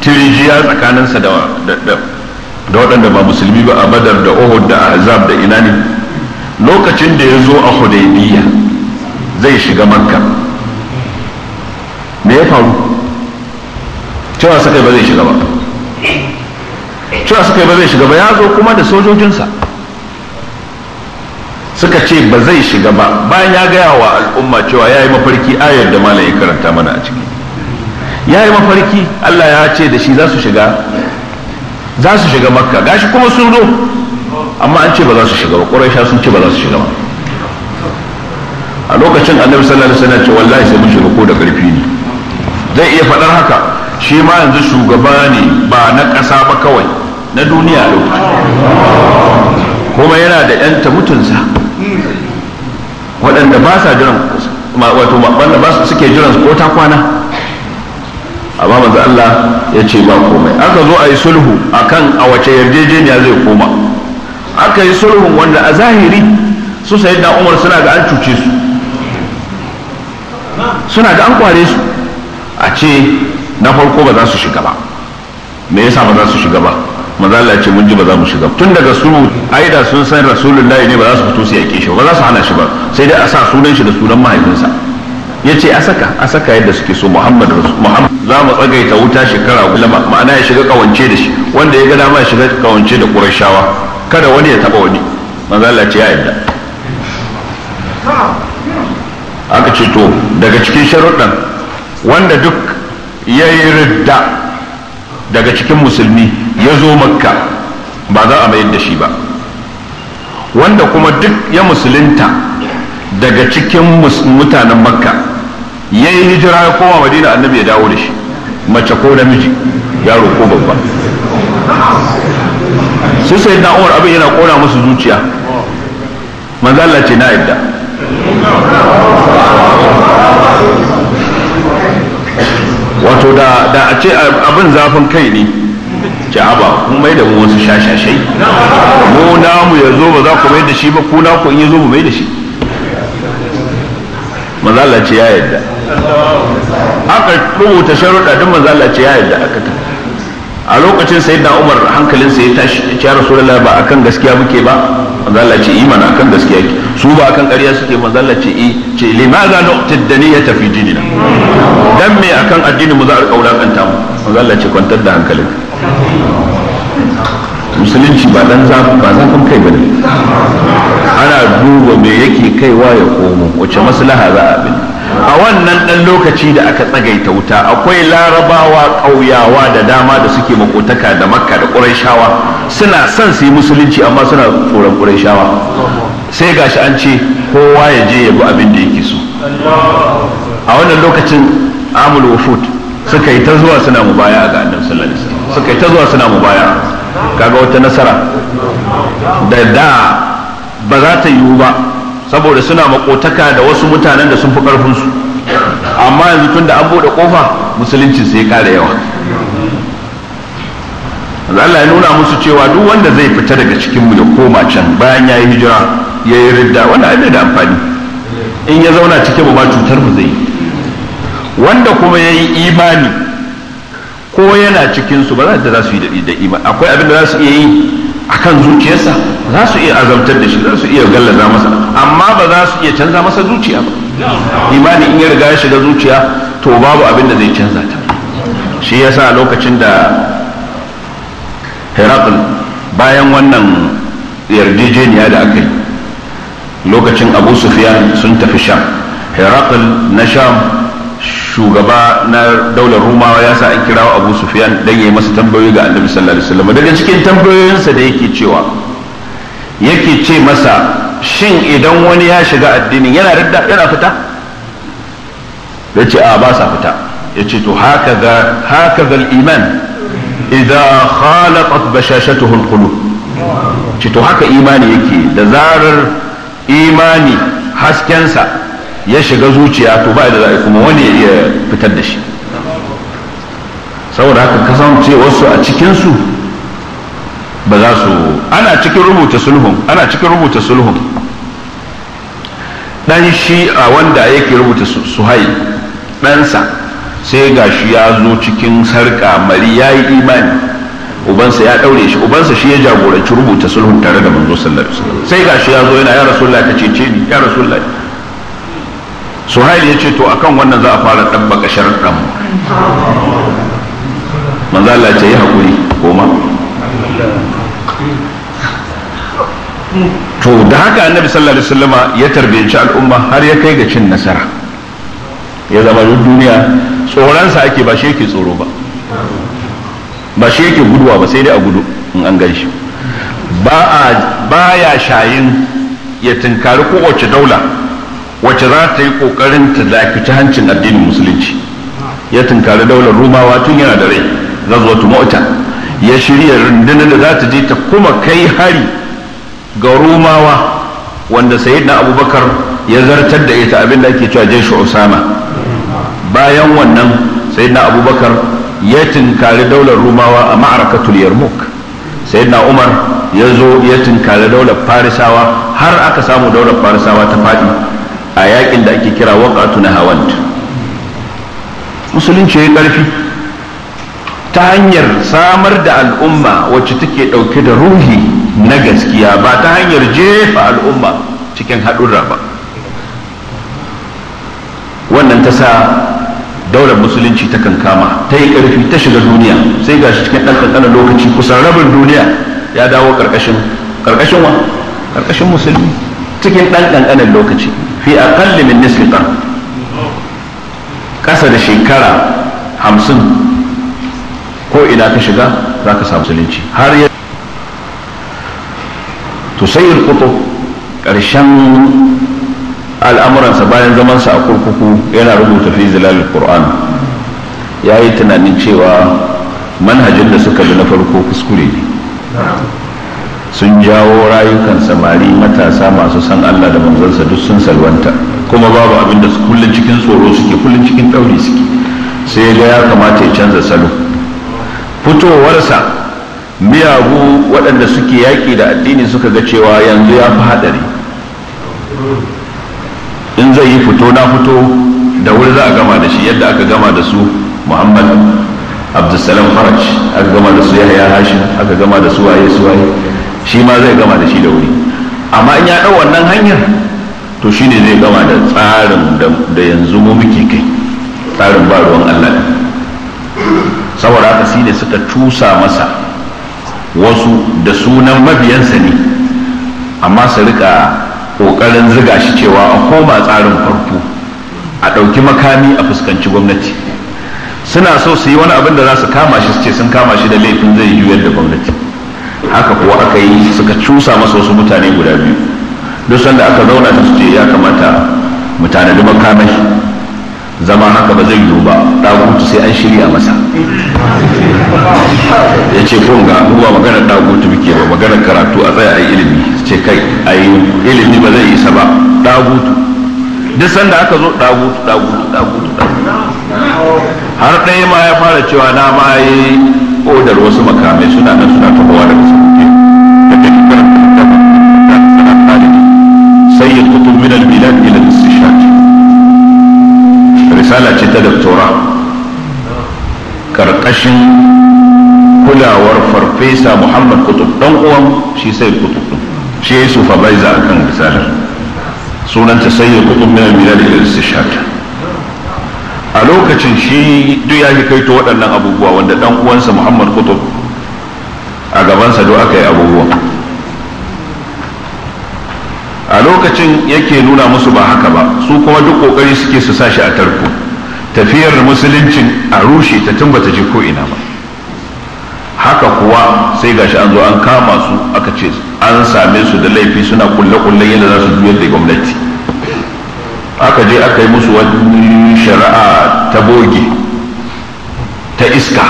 S2: tirjiya tsakaninsa da da waɗanda ba musulmi ba a badar da uhud da azab da ina ne lokacin da ya zo a hudaybiya zai shiga makka me ya faru cewa suka ba zai shiga ba cewa suka ba zai shiga ba ya zo kuma da sojojinsa suka ce ba zai shiga ba bayan ya gaya wa al'umma cewa ya yi mafarki ayar da malam ya karanta mana a ciki ya yi mafarki allah ya ce da shi za su shiga za su shiga makka gashi kuma sun zo amma an ce ba za su shiga ba ƙwarai sun ce ba za su shiga ba a lokacin annabi sallallahu alaihi wasallam ce wallahi sai mun shiga ko da karfi ne zai iya faɗar haka shi ma yanzu shugaba ne ba na ƙasa ba kawai na duniya lokacin kuma yana da yan mutunsa waɗanda ba sa jiran wato wanda ba su suke jiran ko ta kwana amma manzo Allah ya ce ba komai aka zo a yi sulhu akan a wace yarjejeniya zai koma aka yi sulhun wanda a zahiri su sayi umar suna ga an cuce su suna da an kware su a ce na farko ba za su shiga ba me yasa ba za su shiga ba maza Allah ce mun ji ba za mu shiga tun daga su aida sun san rasulullahi ne ba za su fito su yake shi ba za su hana shi ba sai dai a sa sunan shi da sunan mahaifinsa ya ce a saka a saka yadda suke so muhammad muhammad za mu tsagaita wuta shekara gulama ma'ana ya shiga kawance da shi wanda ya ga dama ya shiga kawance da kurashawa kada wani ya taba wani maza Allah ce ya yadda aka ce to daga cikin sharuɗan wanda duk ya yi ridda daga cikin musulmi ya zo makka ba za a mayar da shi ba wanda kuma duk ya musulunta daga cikin mutanen makka ya yi hijira ya koma madina annabi ya dawo da shi mace ko namiji yaro ko babba su sai na umar abin yana kona musu zuciya manzala ce na yadda wato da a ce abin zafin kai ne ja'aba kun mai da mu wasu shashashai mu namu ya zo ba za ku mai da shi ba ku na ku in ya zo mu mai da shi mazala ce ya yadda aka rubuta sharuɗa duk mazala ce ya yadda aka ta a lokacin sayyidina umar hankalinsa ya tashi ya ce rasulullahi ba akan gaskiya muke ba Mazalla ce iman akan gaskiya ki su ba kan ƙarya suke manzo Allah ce i ce limaza nuqtid daniyata fi dinina dan me akan addinin mu za a kaulakanta mu manzo Allah ce kwantar da hankalin musulunci ba dan zafin ba zafin kai bane ana duba me yake kaiwa ya komo wace maslaha za a bin a wannan ɗan lokaci da aka tsagaita wuta akwai larabawa ƙauyawa da dama da suke makotaka da makka da ƙurayshawa suna son su yi musulunci amma suna tsoron ƙurayshawa sai gashi an ce kowa ya je ya bi abin da yake so a wannan lokacin amul wufut suka yi ta zuwa suna baya ga annabi sallallahu alaihi wasallam suka yi ta zuwa suna baya kaga wata nasara da da ba za ta yiwu ba saboda suna makotaka da wasu mutanen da sun fi ƙarfinsu amma yanzu tun da an buɗe ƙofa musulunci sai ya ƙara yawa Allah ya nuna musu cewa duk wanda zai fita daga cikin mu ya koma can bayan ya yi hijira ya yi ridda wanda abin da amfani in ya zauna cikin mu ba cutar mu zai wanda kuma ya yi imani ko yana cikin ba za su yi da imani akwai abin da za su iya yi akan zuciyarsa za su iya azabtar da shi za su iya gallaza masa amma ba za su iya canza masa zuciya ba imani in ya riga ya shiga zuciya to babu abin da zai canza ta shi yasa lokacin da herakl bayan wannan yarjejeniya da aka yi lokacin abu sufyan sun tafi sham herakl na sham shugaba na daular rumawa ya sa an kirawo abu sufyan dan yayi masa tambayoyi ga annabi sallallahu alaihi wasallam daga cikin tambayoyinsa da yake cewa yake ce masa shin idan wani ya shiga addinin yana radda yana fita yace a ba sa fita yace to haka haka iman idan khalatat bashashatuhu alqulub to haka imani yake da zarar imani haskensa ya shiga zuciya to ba da za'a kuma wani ya fitar da shi saboda haka kasance wasu a cikinsu ba za su ana cikin rubuta sulhun ana cikin rubuta sulhun dan shi a wanda yake rubuta suhai ɗansa sai ga shi ya zo cikin sarka mari ya yi imani ubansa ya ɗaure shi ubansa shi ya jagoranci rubuta sulhun tare da manzo sallallahu alaihi wasallam sai ga shi ya zo yana ya rasulullahi ka cece ni ya rasulullahi suhail ya ce to akan wannan za a fara ɗabba ƙashar ɗan Allah ce yi haƙuri goma to da haka annabi sallallahu alaihi wasallama ya tarbiyanci al'umma har ya kai ga cin nasara ya zama duk duniya tsoronsa ake ba shi yake tsoro ba ba shi yake guduwa ba sai dai a gudu in an gan shi ba ya shayin ya tunkari kowace daula wacce za ta yi kokarin ta dakici hancin addinin musulunci ya tunkari daular rumawa tun yana da rai zuwa tumauta ya shirya rundunar da za ta je ta kuma kai hari ga rumawa wanda sayyidina abubakar ya zartar da ita abinda ake cewa jeshi usama bayan wannan sayyidina abubakar ya tunkari daular rumawa a ma'arakatul yarmouk sayyidina umar ya zo ya tunkari daular farisawa har aka samu daular farisawa ta fadi. a yakin da ake kira waƙatu na hawant musulunci ya ƙarfi ta hanyar samar da al'umma wacce take ɗauke da ruhi na gaskiya ba ta hanyar jefa al'umma cikin haɗurra ba wannan ta sa daular musulunci ta kankama ta yi ƙarfi ta shiga duniya sai gashi cikin ɗan ƙanƙanin lokaci kusan rabin duniya ya dawo ƙarƙashin ƙarƙashin wa ƙarƙashin musulmi cikin ɗan ƙanƙanin lokaci fi aqalli min nisfi qarn ƙasa da shekara hamsin ko ina ka shiga za ka samu zalunci har yi to sai ƙarshen al'amuransa bayan zamansa a kurkuku yana rubuta fi zilalul ƙoran ya yi tunanin cewa manhajin da suka bi na farko kuskure
S3: ne
S2: sun jawo rayukan samari matasa masu san Allah da manzansa duk sun salwanta kuma babu abin da kullum cikin tsoro suke kullum cikin ɗauri suke sai ga ya kamata ya canza salo fitowarsa miyagu waɗanda suke yaƙi da addini suka ga cewa yanzu ya fi haɗari in zai yi fito na fito da wuri za a gama da shi yadda aka gama da su muhammad abdulsalam faraj aka gama da su Yahaya hashim aka gama da su waye su waye shi ma zai gama da shi da wuri amma in ya ɗau wannan hanyar to shi ne zai gama da tsarin da yanzu mu muke kai tsarin ba ruwan Allah ne saboda haka shi ne suka tusa masa wasu da sunan mabiyansa ne amma su rika ƙoƙarin ziga shi cewa a koma tsarin farko a ɗauki makami a fuskanci gwamnati suna so su yi wani abin da za su kama shi su ce sun kama shi da laifin zai juyar da gwamnati haka kuwa aka yi suka cusa masa wasu mutane guda biyu duk sanda aka zauna ta su ya kamata mutane tanadi makamai zama haka ba zai yiwu ba ɗagutu sai an shirya masa ya ce kun ga ba magana ɗagutu muke ba magana karatu a tsaya a yi ilimi ce kai a yi ilimi ba zai isa ba ɗagutu duk sanda aka zo ɗagutu ɗagutu ɗagutu har ɗaya ma ya fara cewa na ma yi odar wasu makamai suna nan suna tabowa daga sauke daga kiran da suna kare sai ya kutu min al-bilad ila al-istishhad risala ce ta doktora
S1: karkashin
S2: kulawar farfesa muhammad kutub dan uwan shi sai kutub shi ya supervisor akan risalar sunanta sai ya kutu min al-bilad ila al-istishhad a lokacin shi duk ya kai kaito waɗannan abubuwa wanda ɗan uwansa muhammad kutub a gabansa duk aka yi abubuwa a lokacin yake nuna musu ba haka ba su kuma duk ƙoƙari suke su sa a tarko tafiyar musuluncin a rushe ta tun bata je ko ina ba haka kuwa sai gashi an zo an kama su aka ce an same su da laifi suna kulle-kullen yadda za su juyar da gwamnati aka je aka yi musu wani shari'a ta boge ta iska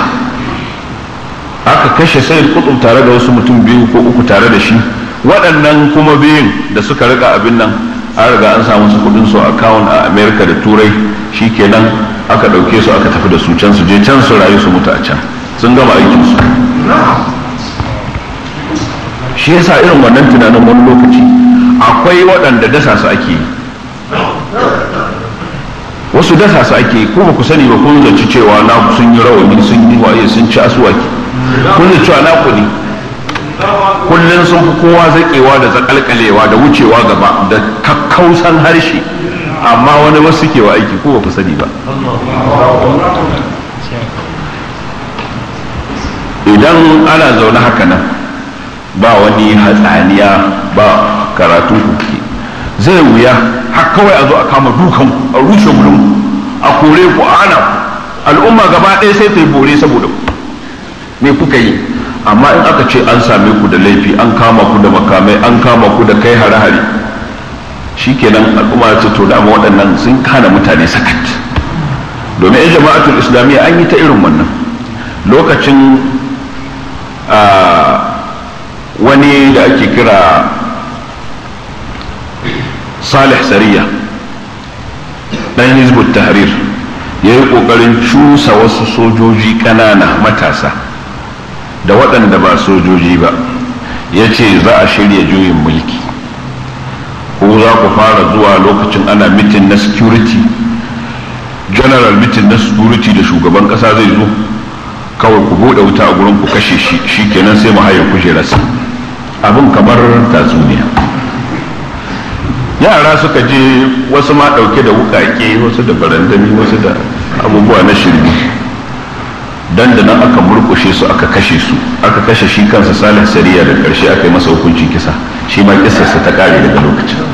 S2: aka kashe sai kudin tare da wasu mutum biyu ko uku tare da shi waɗannan kuma biyun da suka riga abin nan an riga an samu su kudin su akawun a amerika da turai shi kenan aka ɗauke su aka tafi da su can su je can su rayu su mutu a can sun gama aikin su shi yasa irin wannan tunanin wani lokaci akwai waɗanda dasa su ake yi wasu dasa su ake kuma ku sani ba kun zaci cewa na sun yi rawani sun yi waye sun ci asuwaki
S3: kun zaci cewa naku
S2: ne kullum sun fi kowa zakewa da zakalkalewa da wucewa gaba da kakkausan harshe amma wani wasu kewa aiki ko ba ku sani ba idan ana zaune haka nan ba wani hatsaniya ba karatun kuke zai wuya har kawai a zo a kama dukan a rushe gudun a kore ku a ana al'umma gaba ɗaya sai ta yi bore saboda ku me kuka yi amma in aka ce an same ku da laifi an kama ku da makamai an kama ku da kai hare-hare shikenan al'umma ta to da waɗannan sun kana mutane sakat domin yan jama'atul islamiyya an yi ta irin wannan lokacin ah, wani da ake kira salih sariya dan hizbut tahrir ya yi ƙoƙarin cusa wasu sojoji kanana matasa da waɗanda ba sojoji ba ya ce za a shirya juyin mulki ko za ku fara zuwa lokacin ana mitin na security general mitin na security da shugaban ƙasa zai zo kawai ku buɗe wuta a gurin ku kashe shi kenan sai mu haye kujerarsa abin kamar tatsuniya yara suka je wasu ma ɗauke da wukake wasu da barandami wasu da abubuwa na shirme nan aka murkushe su aka kashe su aka kashe shi kansa salih sariya da karshe aka yi masa hukunci kisa shi ma kisarsa ta kare daga lokacin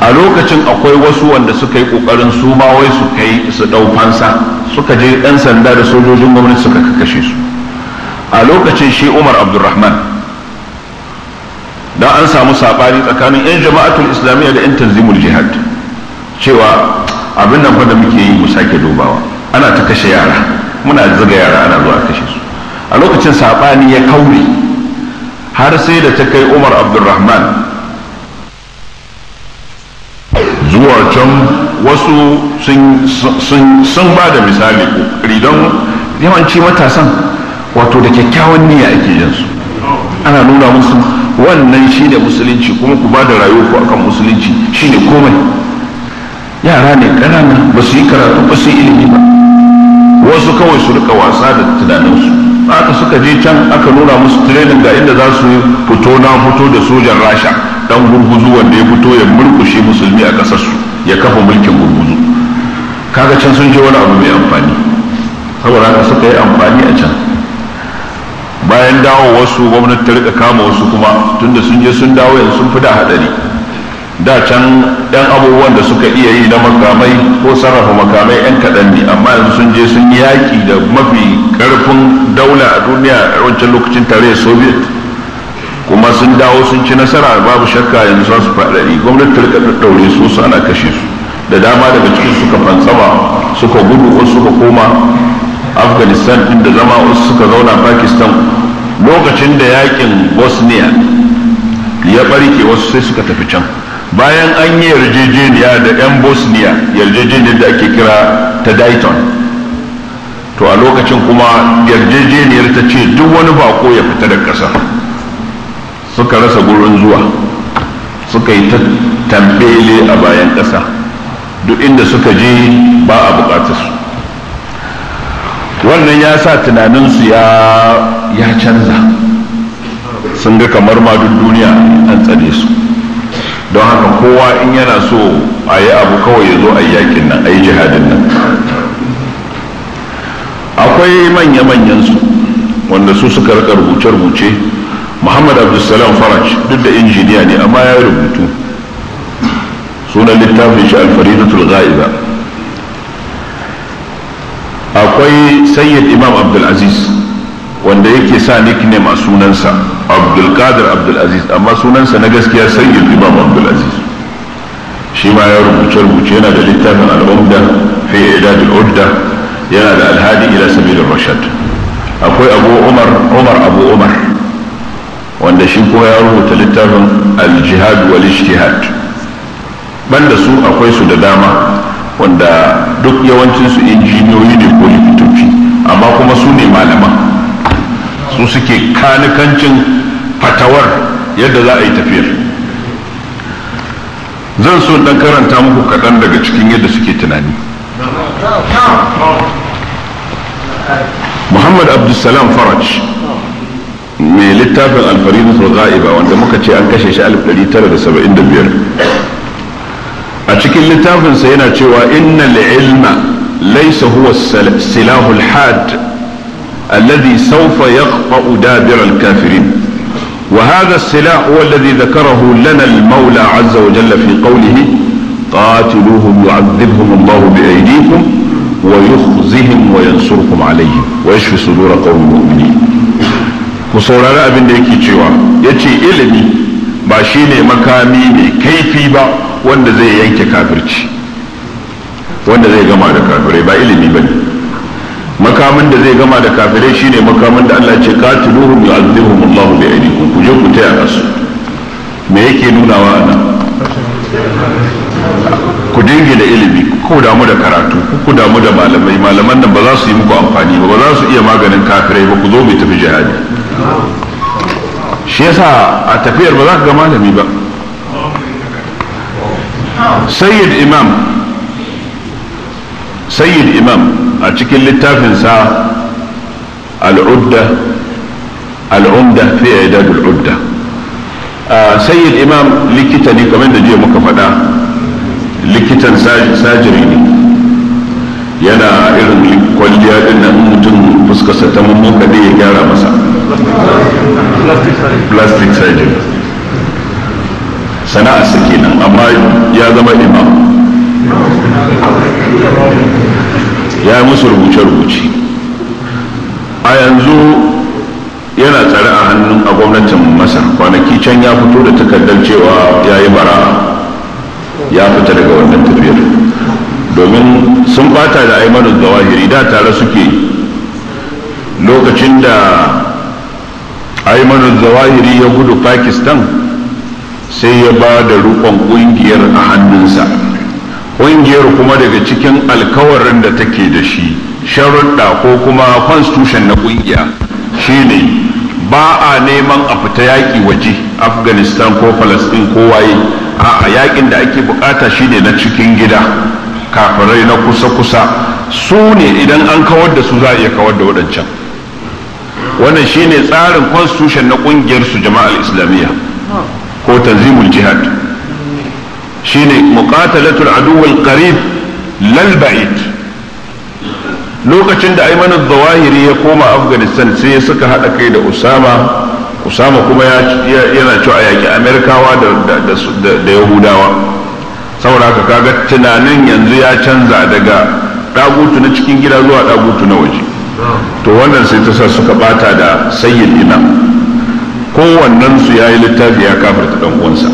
S2: a lokacin akwai wasu wanda suka yi kokarin su ma wai su kai su dau fansa suka je ɗan sanda da sojojin gwamnati suka kashe su a lokacin shi umar abdulrahman don an samu sabani tsakanin yan jama'atul islamiyya da yan tanzimul jihad cewa abin nan da muke yi mu sake dubawa ana ta kashe yara muna zuga yara ana zuwa kashe su a lokacin sabani ya kauri har sai da ta kai umar abdulrahman zuwa can wasu sun ba da misali ƙoƙari don yawanci matasan wato da kyakkyawan niyya ake yin ana nuna musu wannan shi ne musulunci kuma ku ba da rayuwa ku akan musulunci shi ne komai yara ne ƙanana ba su yi karatu ba su yi ilimi ba wasu kawai su rika wasa da tunaninsu aka suka je can aka nuna musu training ga inda za su fito na fito da sojan rasha dan gurguzu wanda ya fito ya murkushe musulmi a su ya kafa mulkin gurguzu kaga can sun je wani abu mai amfani saboda haka suka yi amfani a can bayan dawo wasu gwamnati ta rika kama wasu kuma tunda sun je sun dawo yanzu sun fi da hadari da can yan abubuwan da suka iya yi na makamai ko sarrafa makamai yan kaɗan ne amma yanzu sun je sun yi yaƙi da mafi ƙarfin daula a duniya a wancan lokacin tare soviet kuma sun dawo sun ci nasara babu shakka yanzu za su faɗaɗi gwamnati ta rika ɗaɗɗaure su su ana kashe su da dama daga cikin suka fantsama suka gudu wasu suka koma afghanistan inda zama wasu suka zauna pakistan lokacin da yakin bosnia ya barke wasu sai suka tafi can bayan an yi yarjejeniya da 'yan bosnia yarjejeniyar da ake kira ta dayton to a lokacin kuma yarjejeniyar ta ce duk wani bako ya fita da ƙasa suka rasa gurin zuwa suka yi ta tambele a bayan ƙasa duk inda suka je ba a bukatarsu wannan ya sa tunaninsu ya ya canza sun ga kamar ma duk duniya an tsare su don haka kowa in yana so a yi abu kawai ya zo a yakin nan a yi jihadin nan akwai manya-manyan su wanda su suka rika rubuce-rubuce muhammad abdulsalam faraj duk da injiniya ne amma ya rubutu sunan littafin shi alfaridatul ga'iba akwai sayyid imam abdulaziz wanda yake sa nickname a sunansa abdulkadir abdulaziz amma sunansa na gaskiya sayyid imam abdulaziz shi ma ya rubuce rubuce yana da littafin al'umda fi idad al'udda yana da alhadi ila sabil rashad akwai abu umar umar abu umar wanda shi ko ya rubuta littafin al-jihad wal ijtihad banda su akwai su da dama wanda duk yawancinsu injiniyoyi ne ko likitoci amma kuma su ne malaman su suke kanikancin fatawar yadda za a yi tafiyar zan so dan karanta muku kaɗan daga cikin yadda suke tunani muhammad abdulsalam faraj mai littafin alfaridu ga'iba wanda muka ce an kashe shi 1975 a cikin littafinsa yana cewa innal ilma laisa huwa silahul had الذي سوف يخطأ دابر الكافرين وهذا السلاح هو الذي ذكره لنا المولى عز وجل في قوله قاتلوهم يعذبهم الله بأيديكم ويخزهم وينصركم عليهم ويشفي صدور قوم المؤمنين ku ابن ديكي da yake cewa باشيني ce كيفي با shi زي makami mai kaifi زي wanda zai با kafirci بني makamin da zai gama da kafirai shine makamin da Allah ce qatiluhum yu'adhibuhum Allahu bi aydikum ku je ku taya kasu me yake nunawa ana ku dinge da ilimi ku damu da karatu ku damu da malamai malaman nan ba za su yi muku amfani ba ba za su iya maganin kafirai ba ku zo mu tafi jihadi shi yasa a tafiyar ba za ka ga malami ba sayyid imam sayyid imam a cikin littafinsa al'udda al'umda fi idad al'udda sayyid imam likita ne kamar da jiya muka faɗa likitan sajiri ne yana irin kwalliya din nan mutum fuskarsa ta mummuka ne ya gyara masa plastic surgery sana'arsa kenan amma ya zama imam ya musu rubuce-rubuce a yanzu yana tsare a hannun a gwamnatin masar kwanaki can ya fito da takardar cewa ya yi bara ya fita daga wannan tafiyar domin sun bata da aimanin zawahiri da tare suke lokacin da aimanin zawahiri ya gudu pakistan sai ya ba da rukon kungiyar a hannunsa ƙungiyar kuma daga cikin alkawarin da take da shi sharuɗa ko kuma constitution na ƙungiya shine ba a neman a fita yaƙi waje afghanistan ko falastin ko waye a yaƙin da ake bukata shine na cikin gida kafirai na kusa-kusa su ne idan an kawar da su za a iya kawar da waɗancan wannan shine tsarin constitution na ƙungiyar su jama'ar islamiyya ko tanzimul jihad shine muqatalatul aduwwal qarib lal ba'id lokacin da Ayman al-Zawahiri ya koma afganistan sai ya suka hada kai da Usama Usama kuma ya yana cewa yaki Amerikawa da da Yahudawa saboda haka kaga tunanin yanzu ya canza daga dagutu na cikin gida zuwa dagutu na waje to wannan sai ta sa suka bata da sayyid ina wannan su yayi littafi ya kafirta dan uwansa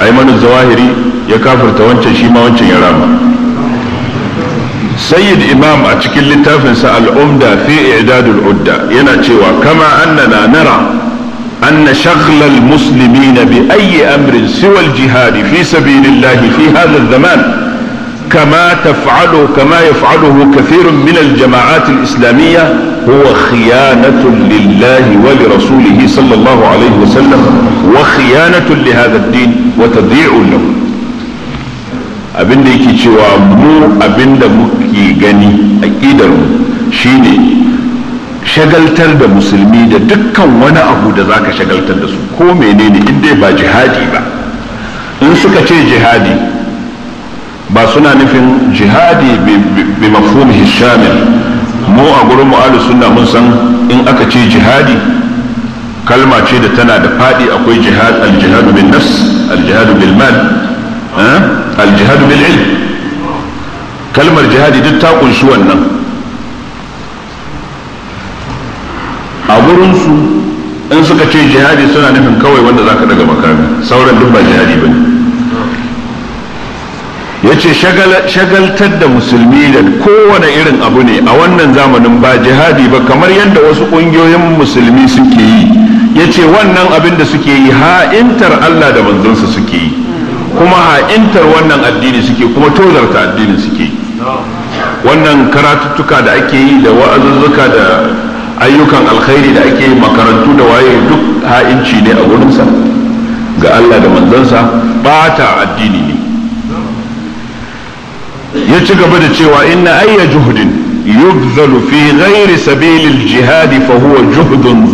S2: ايمن zawahiri ya kafirta wancan shi ma wancan ya rama sayyid imam a cikin littafinsa al'umda fi i'dadul udda yana cewa kama annana nara أن شغل المسلمين بأي أمر سوى الجهاد في سبيل الله في هذا الزمان كما تفعله كما يفعله كثير من الجماعات الإسلامية هو خيانة لله ولرسوله صلى الله عليه وسلم وخيانة لهذا الدين wa tadhi'u lahu abinda yake cewa mu abinda muke gani a mu shine shagaltar da musulmi da dukkan wani abu da zaka shagaltar da su ko menene in ba jihadi ba in suka ce jihadi ba suna nufin jihadi bi mafhumi shamil mu a gurin mu suna mun san in aka ce jihadi kalma ce da tana da faɗi akwai jihad al-jihad bin nafs aljihadu بالمال الجهاد aljihadu كلمة الجهاد kalmar jihadi duk ta kunshi wannan a gurinsu in suka ce jihadi suna nufin kawai wanda zaka daga makami sauran duk ba jihadi bane shagaltar da musulmi da kowane irin abu ne a wannan zamanin ba jihadi ba kamar yadda wasu ƙungiyoyin musulmi suke yi ya ce wannan abin da suke yi ha'intar Allah da manzonsa suke yi kuma ha'intar wannan addini suke kuma tozarta addini suke yi wannan karatuttuka da ake yi da wa'azuzzuka da ayyukan alkhairi da ake yi makarantu da waye duk ha'inci ne a wurinsa ga Allah da manzonsa bata addini ne ya ci gaba da cewa inna ayya juhudin yubzalu fi ghairi sabilil jihadi fa huwa juhdun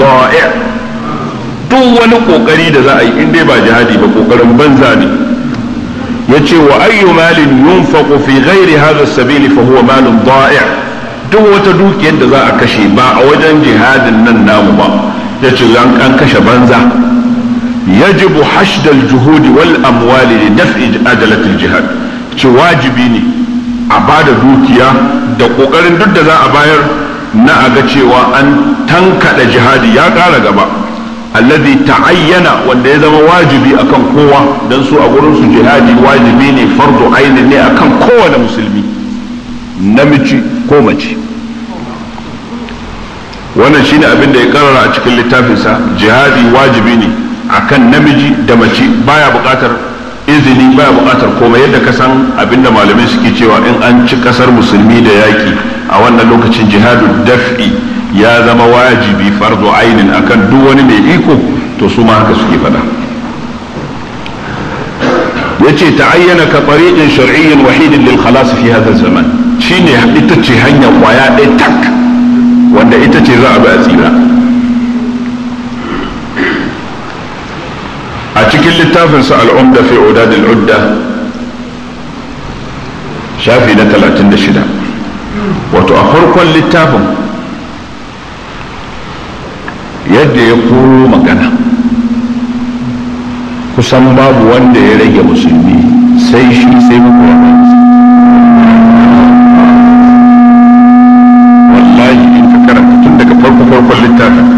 S2: duk wani kokari da za a yi in dai ba jihadi ba kokarin banza ne yace wa ayyu malin yunfaqu fi ghairi hadha as-sabil fa huwa malun duk wata dukiyar da za a kashe ba a wajen jihadin nan namu ba yace kashe banza yaji hashdal jihudi wal amwali li daf'i ajalat al-jihad ce wajibi ne a bada dukiya da kokarin duk da za a bayar na a ga cewa an tankada jihadi ya kara gaba ta ta'ayyana wanda ya zama wajibi akan kowa dan su a gurin su jihadi wajibi ne fardu aini ne akan kowane musulmi namiji ko mace wannan shine abin da ya karara a cikin littafinsa jihadi wajibi ne akan namiji da mace baya bukatar izini baya buƙatar komai yadda ka san abin da malamai suke cewa in an ci kasar musulmi da yaki a wannan lokacin jihadu daf'i ya zama wajibi fardu ainin akan duk wani mai iko to su ma haka suke fada ta ayyana ka tariqin shar'iyyin wahidin lil khalas fi hadha zaman shi ne ita ce hanya kwaya ɗaya tak wanda ita ce za a bi a tsira a cikin littafinsa al'umda fi udadil udda shafi na 36 wato a farkon littafin yadda ya koro magana kusan babu wanda ya rage musulmi sai shi sai makoya wallahi in ka karanta tun daga farko farkon littafin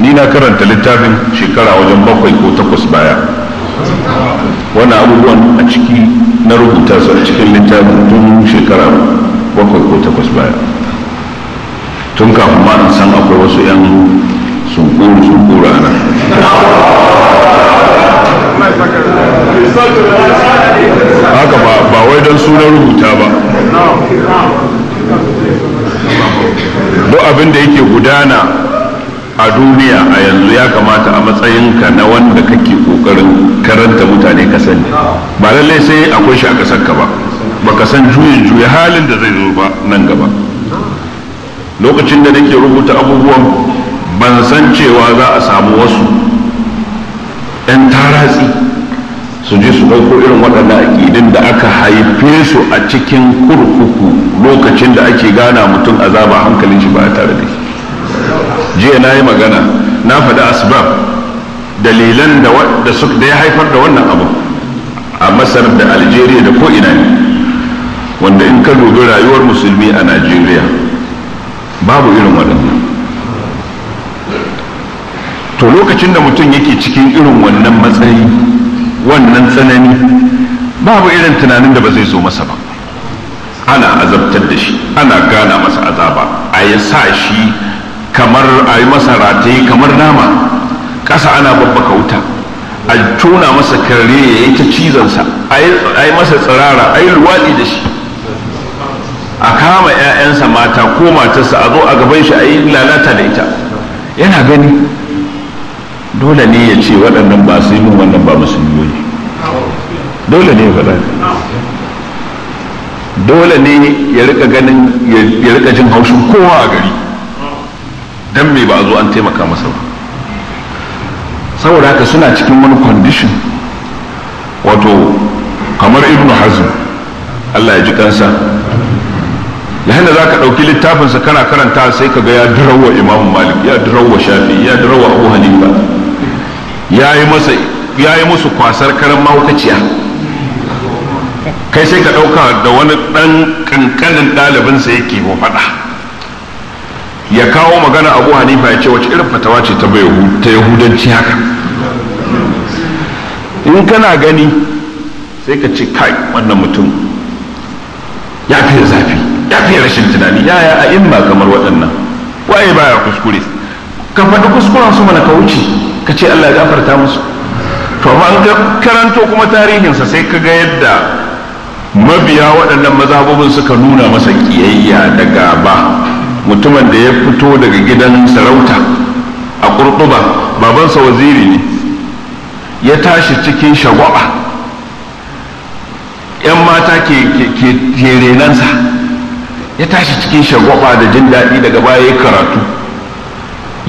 S2: ni na karanta littafin shekara wajen bakwai ko takwas baya wani abubuwan a ciki na rubuta su a cikin littafin tun shekara bakwai ko takwas baya tun kafin ma in san akwai wasu 'yan sunkuru sunkuru ana haka ba wai don sunan rubuta ba duk abin da yake gudana a duniya a yanzu ya kamata a matsayinka na wanda kake kokarin karanta mutane ka sani ba lallai sai akwai shi a ka ba ka san juyin juya halin da zai zo ba nan gaba lokacin da nake rubuta abubuwan ban san cewa za a samu wasu 'yan taratsi su je su ɗauko irin waɗannan ƙidin da aka haife su a cikin kurkuku lokacin da ake gana mutum azaba hankalin shi ba a tare da jiya na yi magana na faɗi asbab dalilan da ya haifar da wannan abu a masar da algeria da ko ina ne wanda in ka dubi rayuwar musulmi a najeriya babu irin waɗannan to lokacin da mutum yake cikin irin wannan matsayi wannan tsanani babu irin tunanin da ba zai zo masa ba ana azabtar da shi ana gana masa azaba a yi sa shi kamar a yi masa rataye kamar nama ƙasa ana babbaka wuta a tona masa kare ya yi ta cizonsa a yi masa tsirara a yi ruwaɗi da shi a kama 'ya'yansa mata ko matarsa a zo a gaban shi a yi lalata da ita yana gani dole ne ya ce waɗannan ba su yi mun wannan ba musulmi ne dole ne ya faɗa dole ne ya rika ganin ya rika jin haushin kowa a gari don me ba a zo an taimaka masa ba saboda haka suna cikin wani kwandishin wato kamar ibnu hazm allah ya ji kansa yayin da za ka ɗauki littafinsa kana karanta sai ka ga ya dirawa imamu malik ya dirawa shafi ya dirawa abu hanifa ya yi musu kwasar karan mahaukaciya kai sai ka ɗauka da wani ɗan ƙanƙanin ɗalibinsa yake ke faɗa ya kawo magana abu hanifa ya ce wace irin fatawa ce ta yahudanci haka in kana gani sai ka ce kai wannan mutum ya fi zafi yi rashin tunani yaya a imma kamar waɗannan waye baya kuskure ka faɗi kuskuren su mana ka wuce ka ce Allah ya gafarta musu to amma an karanto kuma tarihinsa sai ka ga yadda mabiya waɗannan mazhabobin suka nuna masa kiyayya daga gaba mutumin da ya fito daga gidan sarauta a kurkuba babansa waziri ne ya tashi cikin shagwaba 'yan mata ke renansa ya tashi cikin shagwaba da jin daɗi daga baya ya karatu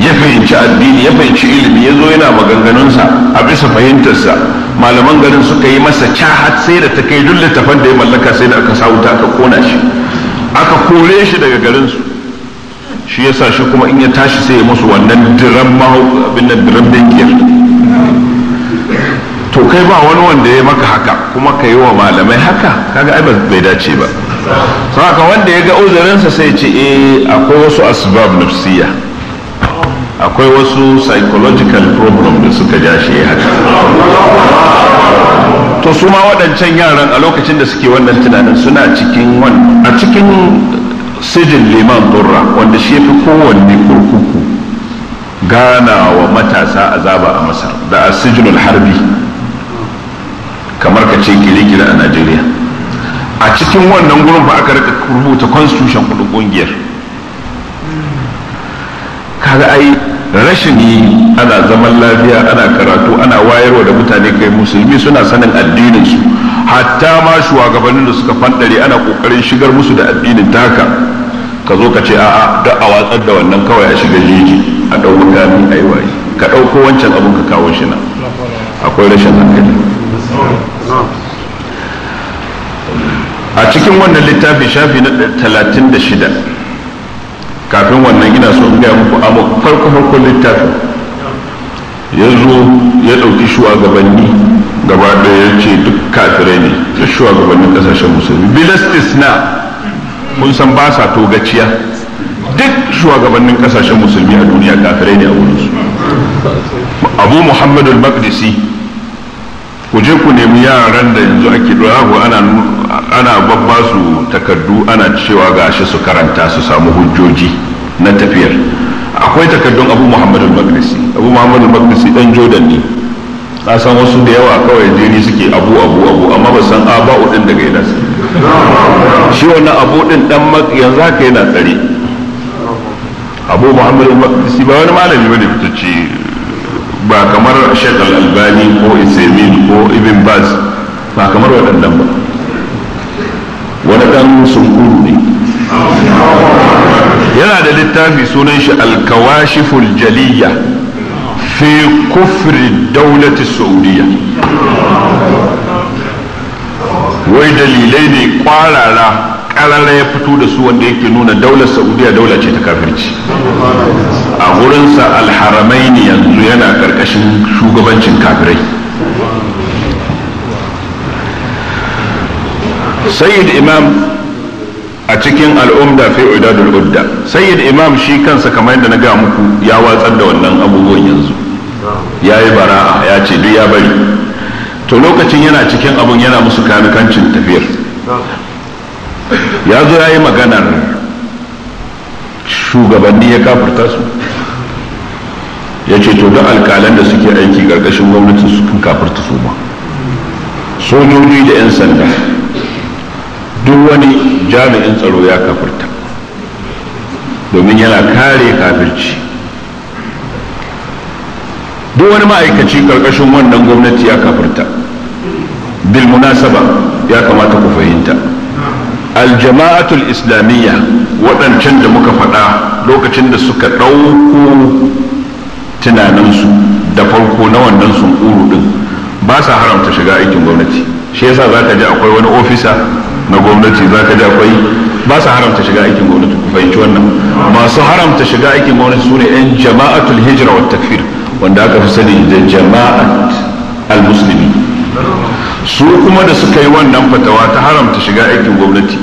S2: ya fahimci addini ya fahimci ilimi ya zo yana maganganunsa a bisa fahimtarsa malaman garin suka yi masa cahat sai da ta kai duk littafan da ya mallaka sai da aka sa wuta aka kona shi aka kore shi daga garin su shi ya sa shi kuma in ya tashi sai ya musu wannan diran mahau abin da diran to kai ba wani wanda ya maka haka kuma ka yi wa malamai haka kaga ai bai dace ba haka wanda ya ga uzurinsa sai ce e akwai wasu asbab nafsiya akwai wasu psychological problem da suka ja shi haka to su ma waɗancan yaran a lokacin da suke wannan tunanin suna cikin a cikin sijin liman durra wanda shi fi kowanne kurkuku gana wa matasa azaba a masar da a sijinul harbi kamar ka ce kire a najeriya a cikin wannan gurin ba aka rika rubuta constitution kudin kungiyar kaga ai rashin yi ana zaman lafiya ana karatu ana wayarwa da mutane kai musulmi suna sanin addininsu hatta ma shugabannin da suka fandare ana kokarin shigar musu da addinin taka ka zo ka ce a'a da a watsar da wannan kawai a shiga jeji a ɗau gami a yi waye ka ɗauko wancan abun ka kawo shi na akwai rashin hankali a cikin wannan littafin shafi na 36 kafin wannan ina so in gaya muku amma farko farkon littafin ya zo ya ɗauki shugabanni gaba ɗaya ya ce duk kafirai ne duk shugabannin ƙasashen musulmi bilastis na mun san ba sa togaciya duk shugabannin ƙasashen musulmi a duniya kafirai ne a wurinsu abu muhammadu al-maqdisi ku je ku nemi yaran da yanzu ake doyahu ana ana babba su takardu ana cewa gashi su karanta su samu hujjoji na tafiyar akwai takardun abu muhammadu magnisi abu muhammadu magnisi dan jordan ne na san wasu da yawa kawai jini suke abu abu abu amma ba san a ba'u din daga yana shi wannan abu din dan yanzu haka yana tsare abu muhammadu magnisi ba wani malami bane fitacce ba kamar Sheikh al albani ko isaimin ko ibn baz ba kamar waɗannan ba wani ɗan sunkuru ne yana da littafi sunan shi alkawashiful jaliya fi kufri daulati saudiya
S1: wai dalilai
S2: ne kwarara karara ya fito da su wanda yake nuna daular saudiya daula ce ta kafirci a wurinsa alharamai ne yanzu yana karkashin shugabancin kafirai sayyid imam a cikin al'umda fi da udda sayyid imam shi kansa kamar yadda na ga muku ya watsar da wannan abubuwan yanzu ya yi bara'a ya ce duk ya bari to lokacin yana cikin abun yana musu kanukancin tafiyar ya zo ya yi maganar shugabanni ya kafurta su ya ce to duk alkalan da suke aiki ƙarƙashin gwamnati su kan kafurta su ma sojoji da 'yan sanda duk wani jami'in tsaro ya kafurta domin yana kare kafirci duk wani ma'aikaci karkashin wannan gwamnati ya kafurta bil munasaba ya kamata ku fahimta aljama'atul islamiyya waɗancan da muka faɗa lokacin da suka ɗauko tunaninsu da farko na wannan sun sunkuru ɗin ba sa haramta shiga aikin gwamnati shi yasa za ka ji akwai wani ofisa na gwamnati za ka ji akwai ba sa haramta shiga aikin gwamnati ku fahimci wannan masu haramta shiga aikin gwamnati su ne 'yan jama'atul hijira wa takfir wanda aka fi sani da jama'at al-muslimi su kuma da suka yi wannan fatawa ta haramta shiga aikin gwamnati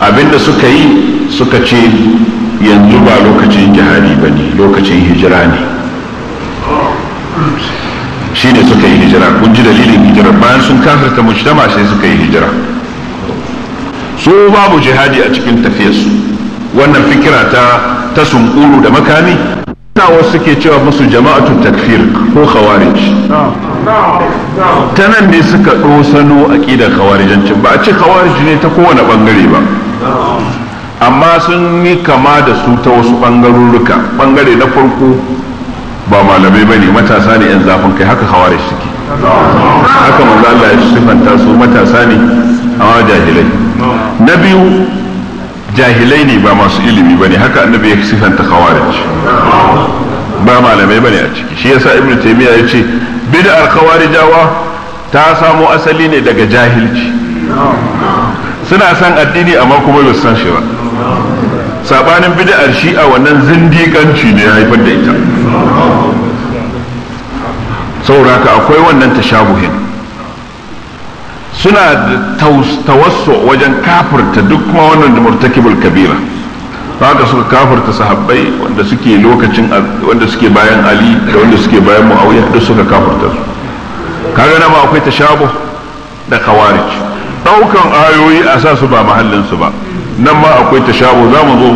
S2: abinda suka yi suka ce yanzu ba lokacin jihadi ba ne lokacin hijira ne shi ne suka yi hijira kun ji dalilin hijira bayan sun kafirta mujtama sai suka yi hijira su babu jihadi a cikin tafiyarsu wannan fikira ta sunkuru da makami na wasu ke cewa musu jama'atu takfir ko khawarij ta nan ne suka ɗosano aƙidar khawarijancin ba a ce khawarij ne ta kowane ɓangare ba amma sun yi kama da su ta wasu ɓangarurruka ɓangare na farko ba malamai ba ne matasa ne 'yan zafin kai haka khawarij suke haka manzo Allah ya sifanta su matasa ne a jahilai na biyu jahilai ne ba masu ilimi ba ne haka annabi ya sifanta khawarij ba malamai ba ne a ciki shi yasa ibnu taymiya ce bid'ar khawarijawa ta samo asali ne daga jahilci suna san addini amma kuma ba san shi ba sabanin bid'ar shi'a wannan zindiƙanci ne ya haifar da ita saboda haka akwai wannan tashabuhin suna da tawassu wajen kafirta duk kuma wannan da murtakibul kabira haka suka kafirta sahabbai wanda suke lokacin wanda suke bayan ali da wanda suke bayan muawiya duk suka kafirta su kaga na ma akwai tashabu da khawarij daukan ayoyi a sa su ba mahallin su ba nan ma akwai tashabu za mu zo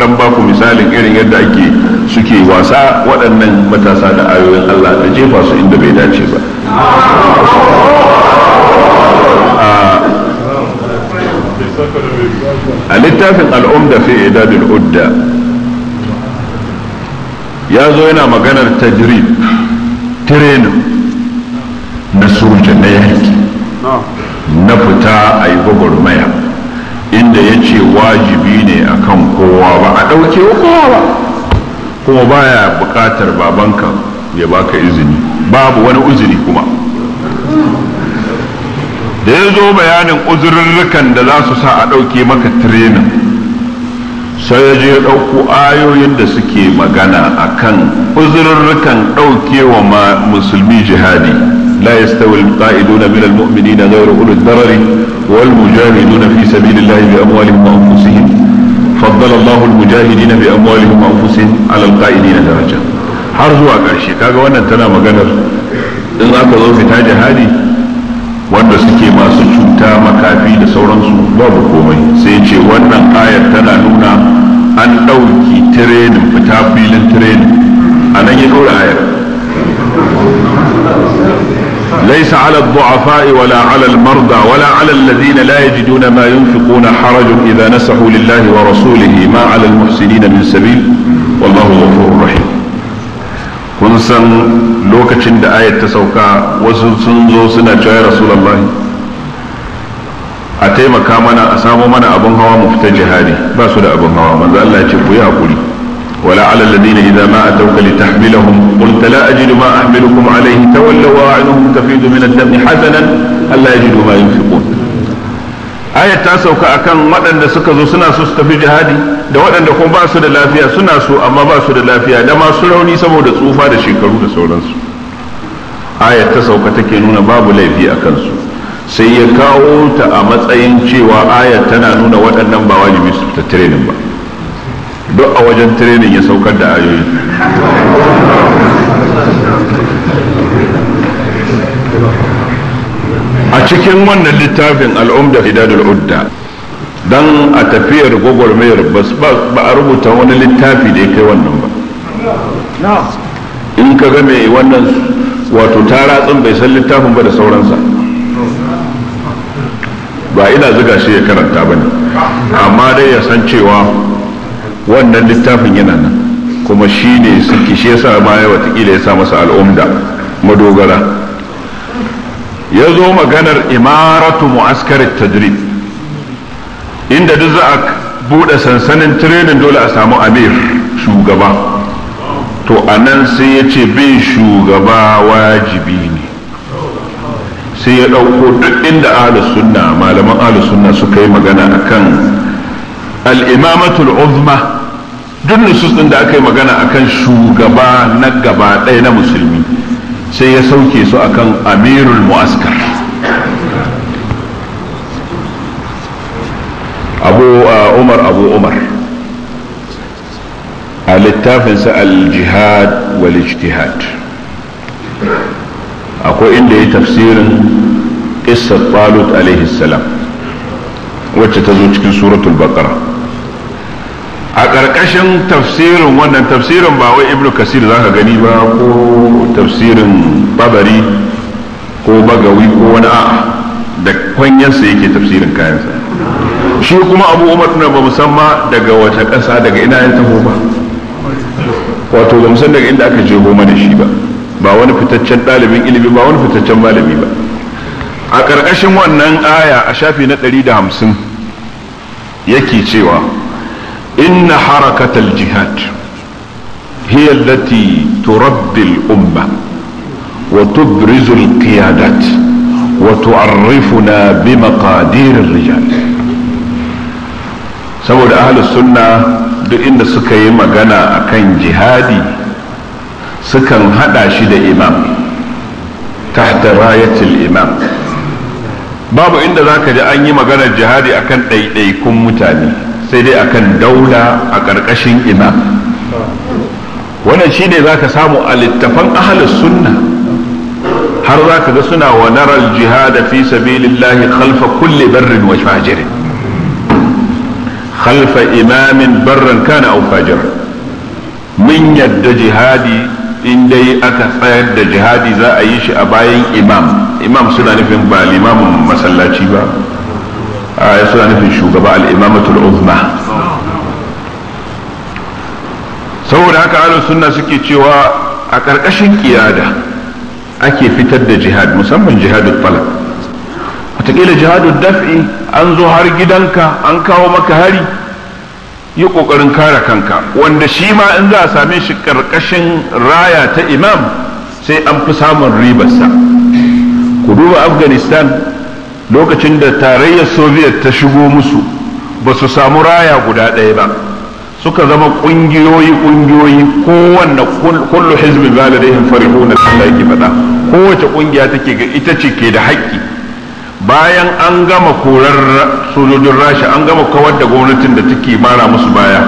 S2: dan ba ku misalin irin yadda ake suke wasa waɗannan matasa da ayoyin Allah da jefa su inda bai dace ba a littafin al'umda fi idadin udda ya zo yana maganar tajrib tirenin na soja na yaki na fita a yi gwagwarmaya inda ya ce wajibi ne akan kowa ba a
S3: ɗauke kowa ba
S2: kuma baya buƙatar babanka ya baka izini babu wani izini kuma da ya zo bayanin uzurrukan da za su sa a ɗauke maka tirenin sai ya je ɗauko ayoyin da suke magana a kan uzurrukan ɗaukewa musulmi jihadi la yastawi alqa'iduna min al-mummini almu'minina ghayru ulul darari wal mujahiduna fi sabilillahi bi amwalihim wa anfusihim faddala Allahu almujahidina bi amwalihim wa anfusihim ala alqa'idina daraja har zuwa ƙarshe kaga wannan tana maganar in aka zo fita jihadi wanda suke masu cuta makafi da sauransu babu komai sai ce wannan ayar tana nuna an ɗauki tirenin fita filin tirenin a nan ya ɗora ayar ليس على الضعفاء ولا على المرضى ولا على الذين لا يجدون ما ينفقون حرج إذا نسحوا لله ورسوله ما على المحسنين من سبيل والله غفور رحيم kun san lokacin da ayat ta sauka wasu sun zo suna cewa rasulullahi a taimaka mana a samu mana abin hawa mu fita jihadi ba su da abin hawa manzo Allah ya ce ku yi hakuri wala ala alladhina idza ma atawka litahmilahum qult la ajidu ma ahmilukum alayhi tawallaw wa a'yunuhum tafidu min ad-dam hasanan alla yajidu ma yunfiqun ayat ta sauka akan waɗanda suka zo suna so su tafi jihadi da waɗanda kuma ba su da lafiya suna so amma ba su da lafiya da masu rauni saboda tsufa da shekaru da sauransu ayat ta sauka take nuna babu laifi a kansu sai ya kawo ta a matsayin cewa ayat tana nuna waɗannan ba wajibi su fita training ba duk a wajen training ya saukar da ayoyi a cikin wannan littafin al'umda hidadul udda dan a tafiyar gwagwarmayar ba a rubuta wani littafi da ya kai wannan ba in ka ga wannan wato taratsin bai san littafin ba da sauransa ba ina zuga shi ya karanta ba ne amma dai ya san cewa wannan littafin yana nan kuma shi ne suke shi yasa ma ya watakila ya sa masa al'umda madogara ya zo maganar imaratu mu'askarin tadrib inda duk za a buɗe sansanin training dole a samu amir shugaba to a nan sai ya ce bin shugaba wajibi ne sai ya ɗauko duk inda ahlus sunna malaman ahlus sunna suka yi magana akan al-imamatul uzma duk nusus din da aka yi magana akan shugaba na gaba ɗaya na musulmi sai ya sauke su a kan amirul mu'askar abu uh, umar abu umar a littafinsa al-jihad wal-ijtihad akwai inda ya tafsirin ƙissar talut alaihi salam wacce ta zo cikin suratul baqara a ƙarƙashin tafsirin wannan tafsirin ba wai ibnu kasir za ka gani ba ko tafsirin babari ko bagawi ko wani a'a da kwanyarsa yake tafsirin kayansa shi kuma abu umar na ba musamman daga wata ƙasa daga ina ya taho ba wato ba musamman daga inda aka je goma da shi ba ba wani fitaccen ɗalibin ilimi ba wani fitaccen malami ba a ƙarƙashin wannan aya a shafi na ɗari da hamsin yake cewa إن حركة الجهاد هي التي تربي الأمة وتبرز القيادات وتعرفنا بمقادير الرجال saboda ahalus sunna duk inda suka yi magana akan jihadi sukan hada shi da imam tahta rayatul imam babu inda zaka ji an yi maganar jihadi akan ɗaiɗaikun mutane sai dai akan daula a ƙarƙashin imam wannan shi ne za ka samu a littafan ahalus sunna har za ka ga suna wa naral jihada fi sabilillahi khalfa kulli barrin wa fajirin khalfa imamin barran kana aw fajir mun yadda jihadi in dai aka tsayar da jihadi za a yi shi a bayan imam imam suna nufin ba limamin masallaci ba Ah, ya suna nufin shugaba al'imamatul uzma saboda haka ahlus suna suke cewa a ƙarƙashin ƙiyada ake fitar da jihad musamman jihadul falak wataƙila jihadul daf'i an zo har gidanka an kawo maka hari yi ƙoƙarin kare kanka wanda shi ma in za a same shi ƙarƙashin raya ta imam sai an fi samun ribarsa ku duba afghanistan lokacin da tarayyar soviet ta shigo musu ba su samu raya guda ɗaya ba suka zama ƙungiyoyi ƙungiyoyi kowanne kullu hizbin ba da farihu na Allah yake faɗa kowace ƙungiya take ga ita ce ke da haƙƙi bayan an gama korar sojojin rasha an gama kawar da gwamnatin da take mara musu baya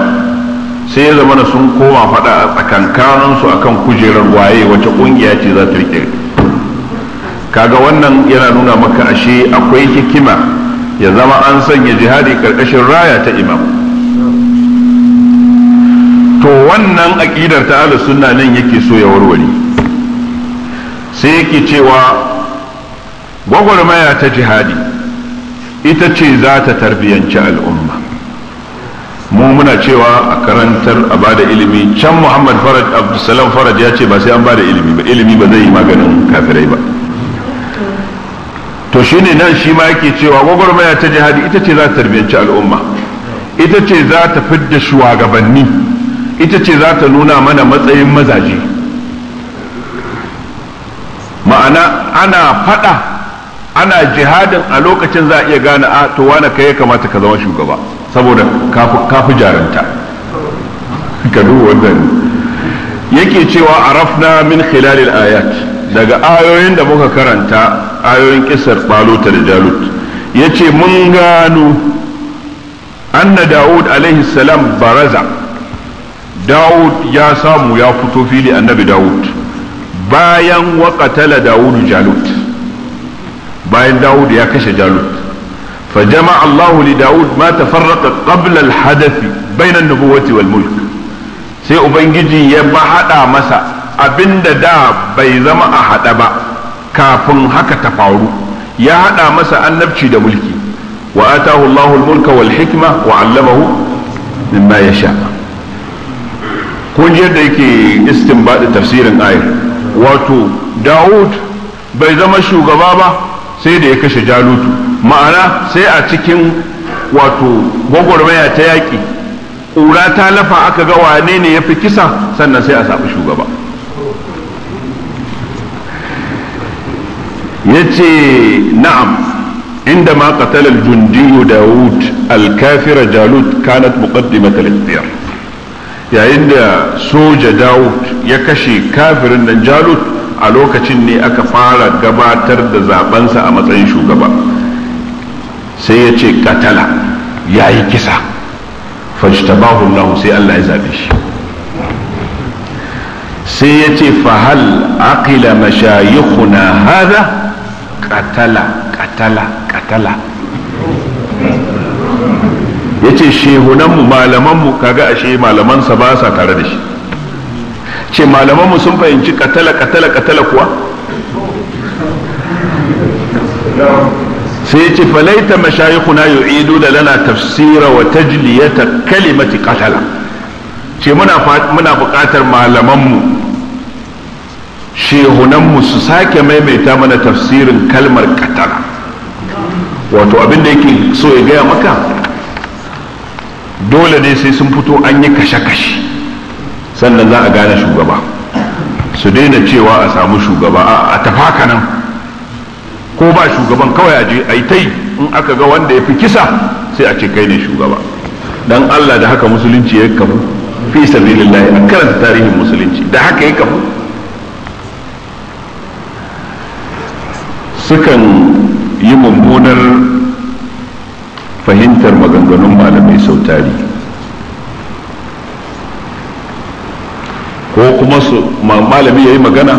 S2: sai ya zama sun koma faɗa a tsakankaninsu akan kujerar waye wace ƙungiya ce za ta riƙe kaga wannan yana nuna maka ashe akwai hikima ya zama an sanya jihadi karkashin raya ta imam to wannan aƙidar ta ahlus sunna nan yake so ya warware sai yake cewa gwagwarmaya ta jihadi ita ce za ta tarbiyyanci al'umma mu muna cewa a karantar a bada ilimi can muhammad faraj abdulsalam faraj ya ce ba sai an bada ilimi ba ilimi ba zai yi maganin kafirai ba to shine nan shi ma yake cewa gwagwarmaya ta jihadi ita ce za ta tarbiyyanci al'umma ita ce za ta fidda shugabanni ita ce za ta nuna mana matsayin mazaje ma'ana ana fada ana jihadin a lokacin za a iya gane a ah, to wane kai ya kamata ka zama shugaba saboda kafi jaranta ka yake cewa arafna min khilalil ayat daga ayoyin da muka karanta ayoyin kisar baluta da jalut ya ce mun gano anna daud alaihi salam baraza daud ya samu ya fito fili annabi daud bayan waƙatala dawud jalut bayan daud ya kashe jalut فجمع الله لداود ما تفرق قبل الحدث بين النبوة والملك sai Ubangiji ya ba haɗa masa abinda da bai zama a haɗa ba kafin haka ta faru ya haɗa masa annabci da mulki wa atahu Allahu al-mulka wal hikma wa 'allamahu mimma yasha kun ji yadda yake istinbadi tafsirin ayat wato da'ud bai zama shugaba ba sai da ya kashe Jalutu ma'ana sai a cikin wato gwagwarmaya ta yaƙi ƙura ta lafa aka ga wane ne ya fi kisa sannan sai a samu shugaba يتي نعم عندما قتل الجندي داود الكافر جالوت كانت مقدمة الاختيار يا عند سوج داود يكشي كافر ان جالوت علوك تشني اكفالة قبا ترد زابنسا اما تنشو قبا سيتي قتل يا كسا فاجتباه الله سي الله يزابيش سيتي فهل عقل مشايخنا هذا katala katala katala ya ce shehunanmu malamanmu kaga ashe malamansa ba sa tare da shi ce malamanmu sun fahimci katala katala katala kuwa sai ya ce falaita mashayikhuna yu'idu da lana tafsira wa tajliyata kalimati katala ce muna buƙatar malamanmu shehunanmu su sake maimaita mana tafsirin kalmar katara wato abin da yake so ya gaya maka dole ne sai sun fito an yi kashe-kashe sannan za a gane shugaba su daina cewa a samu shugaba a tafaka nan ko ba shugaban kawai a je a yi in aka ga wanda ya fi kisa sai a ce kai ne shugaba dan Allah da haka musulunci ya kafu fi sabilillah a karanta tarihin musulunci da haka ya kafu sukan yi mummunar fahimtar maganganun malamai sautari ko kuma su malami ya yi magana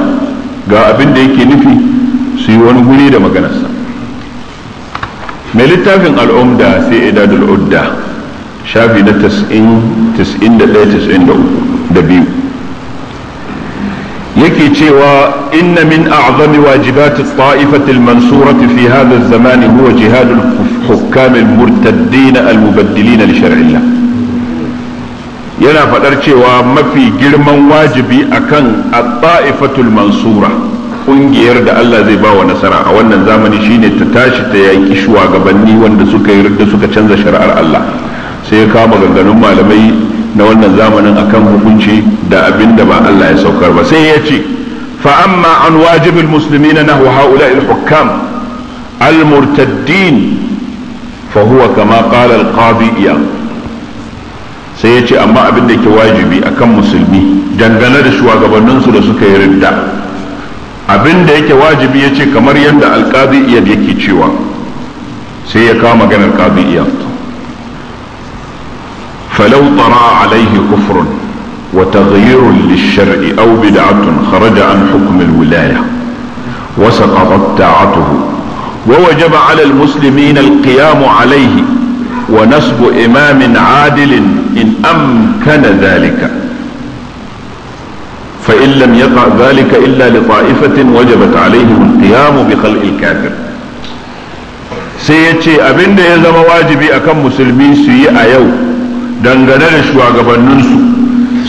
S2: ga abin da yake nufi su yi wani guri da maganarsa mai littafin al'umda sai idadul udda shafi na 91 da biyu yake cewa inna min a'zami wajibati ta'ifati al-mansurati fi hadha az-zaman huwa jihad al-hukkam al-murtaddin al-mubaddilin li shar'illah yana fadar cewa mafi girman wajibi akan at-ta'ifatul mansura kungiyar da Allah zai bawa nasara a wannan zamani shine ta tashi ta yaki shugabanni wanda suka yarda suka canza shari'ar Allah sai ya kama ganganun malamai na wannan zamanin akan hukunci da abin da ba Allah ya saukar ba sai ya ce fa amma an wajibin musulmi na haula'i haula ilhukam al fa huwa kama qala al sai ya ce amma abin da ke wajibi akan musulmi dangane da shugabanninsu da suka yi ridda abin da yake wajibi ya ce kamar yadda alkazi iyad yake cewa sai ya kawo maganar kazi فلو طرا عليه كفر وتغيير للشرع أو بدعة خرج عن حكم الولاية وسقطت طاعته ووجب على المسلمين القيام عليه ونسب إمام عادل إن أمكن ذلك فإن لم يقع ذلك إلا لطائفة وجبت عليهم القيام بخلق الكافر سيأتي أبن يزم واجبي أكم مسلمين سيئة يوم dangane da shugabanninsu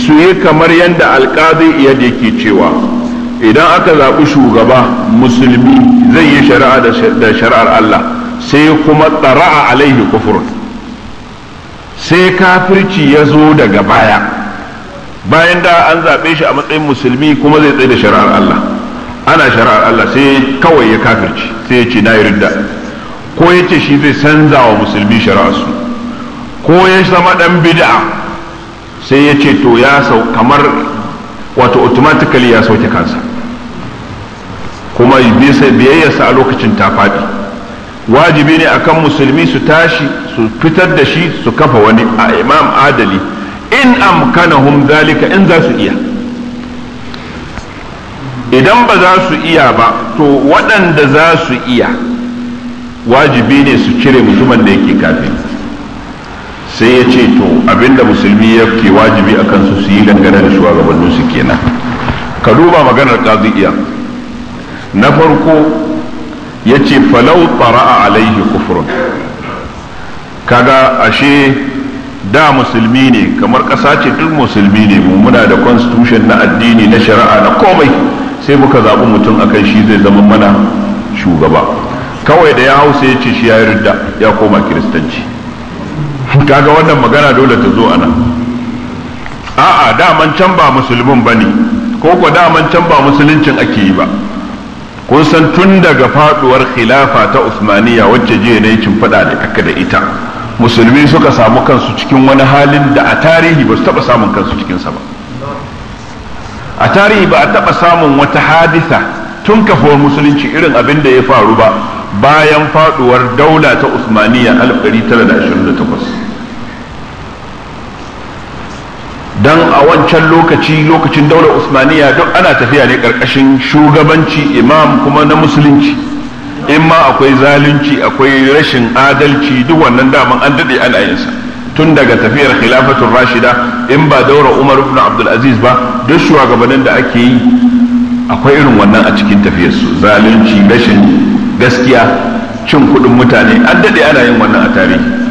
S2: su yi kamar yadda alƙadi iyad ke cewa idan aka zaɓi shugaba musulmi zai yi shari'a da shari'ar Allah sai kuma tsara'a alaihi kufur sai kafirci ya zo daga baya bayan da an zaɓe shi a matsayin musulmi kuma zai tsaye da shari'ar Allah ana shari'ar Allah sai kawai ya kafirci sai ya ce na yi ridda ko ya ce shi zai canza wa musulmi shari'ar su. ko ya zama dan bid'a sai ya ce to ya sau kamar wato automatically ya sauke kansa kuma biyayyarsa a lokacin ta faɗi wajibi ne akan musulmi su tashi su fitar da shi su kafa wani a imam adali in amkanahum zalika in za su iya idan ba za su iya ba to waɗanda za su iya wajibi ne su cire mutumin da yake kafin sai ya ce to abinda musulmi ya ke wajibi a kansu su yi dangane da shugabannin su kenan ka duba maganar qaziya na farko ya ce falau a alaihi kufrun kaga ashe da musulmi ne kamar kasa ce duk musulmi ne mu muna da constitution na addini na shari'a na komai sai muka zaɓi mutum akan shi zai zama mana shugaba kawai da ya hausa ya ce shi ya yarda ya koma kiristanci kaga wannan magana dole ta zo ana a'a daman can ba musulmin bane ko ko daman can ba musuluncin ake yi ba kun san tun daga faduwar khilafa ta Usmaniya wacce jiya ne cin fada da aka da ita musulmi suka samu kansu cikin wani halin da a tarihi ba su taba samun kansu cikin sa ba a tarihi ba a taba samun wata hadisa tun kafuwar musulunci irin abin da ya faru ba bayan faduwar daula ta Usmaniya 1928 sannan a wancan lokaci lokacin daular usmaniya duk ana tafiya ne karkashin shugabanci imam kuma na musulunci in ma akwai zalunci akwai rashin adalci duk wannan daman an dade ana yinsa tun daga tafiyar khilafatun rashida in ba daura umar ibn abdul aziz ba duk shugabannin da ake yi akwai irin wannan a cikin tafiyar su zalunci rashin gaskiya cin kuɗin mutane an daɗe ana yin wannan a tarihi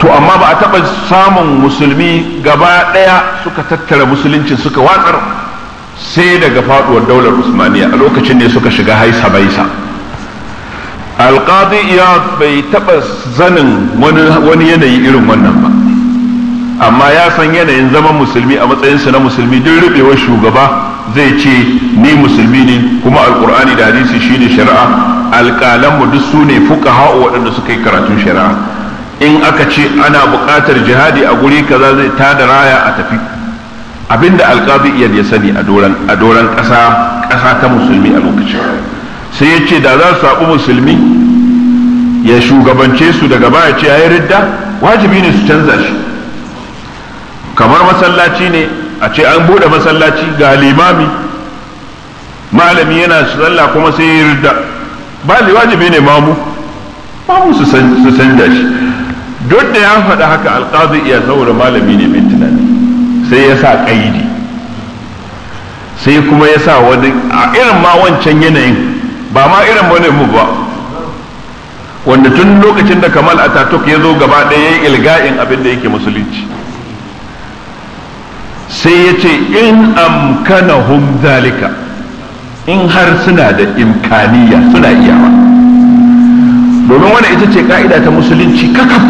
S2: to amma ba a taɓa samun musulmi gaba ɗaya suka tattara musuluncin suka watsar sai daga faɗuwar daular usmaniya a lokacin ne suka shiga haisa baisa alƙadi iya bai taɓa zanin wani yanayi irin wannan ba amma ya san yanayin zaman musulmi a matsayinsa na musulmi duk ruɓewar shugaba zai ce ni musulmi ne kuma alkur'ani da hadisi shine shari'a alƙalanmu duk su ne fuka waɗanda suka yi karatun shari'a in aka ce ana buƙatar jihadi a guri kaza zai tada raya a tafi abinda alƙadi iya ya sani a doran ƙasa ƙasa ta musulmi a lokacin sai ya ce da za su saɓi musulmi ya shugabance su daga baya ce ya ridda wajibi ne su canza shi kamar masallaci ne a ce an buɗe masallaci ga limami malami yana su sallah kuma sai ya ridda ba wajibi ne mamu mamu su canza shi duk da ya faɗi haka alƙazi iya saboda malami ne mai tunani sai ya sa ƙaidi sai kuma ya sa wani a irin ma wancan yanayin ba ma irin wani mu ba wanda tun lokacin da kamal ataturk ya zo gaba ɗaya ya yi ilga'in abin da yake musulunci sai ya ce in hum zalika in har suna da imkaniya suna iyawa domin wani ita ce ka'ida ta musulunci kakaf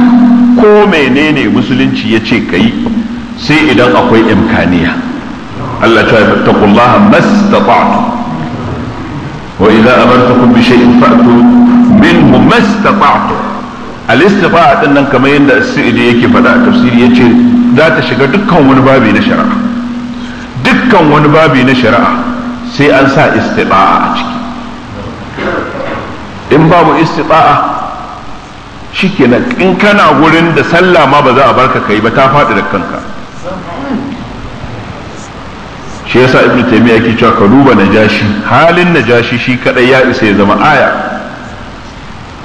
S2: ko menene musulunci ya ce ka yi sai idan akwai imkaniya Allah ta taqullaha mastata'tu wa idza amartukum bi shay'in fa'tu minhu mastata'tu al-istifa'a din nan kamar yadda Sa'idi yake faɗa a tafsiri ce za ta shiga dukkan wani babi na shari'a dukkan wani babi na shari'a sai an sa istifa'a a ciki in babu istifa'a shikenan in kana gurin da sallah ma ba za a barka kai ba ta faɗi da kanka shi yasa ibnu taymiya yake cewa ka duba najashi halin najashi shi kaɗai ya isa ya zama aya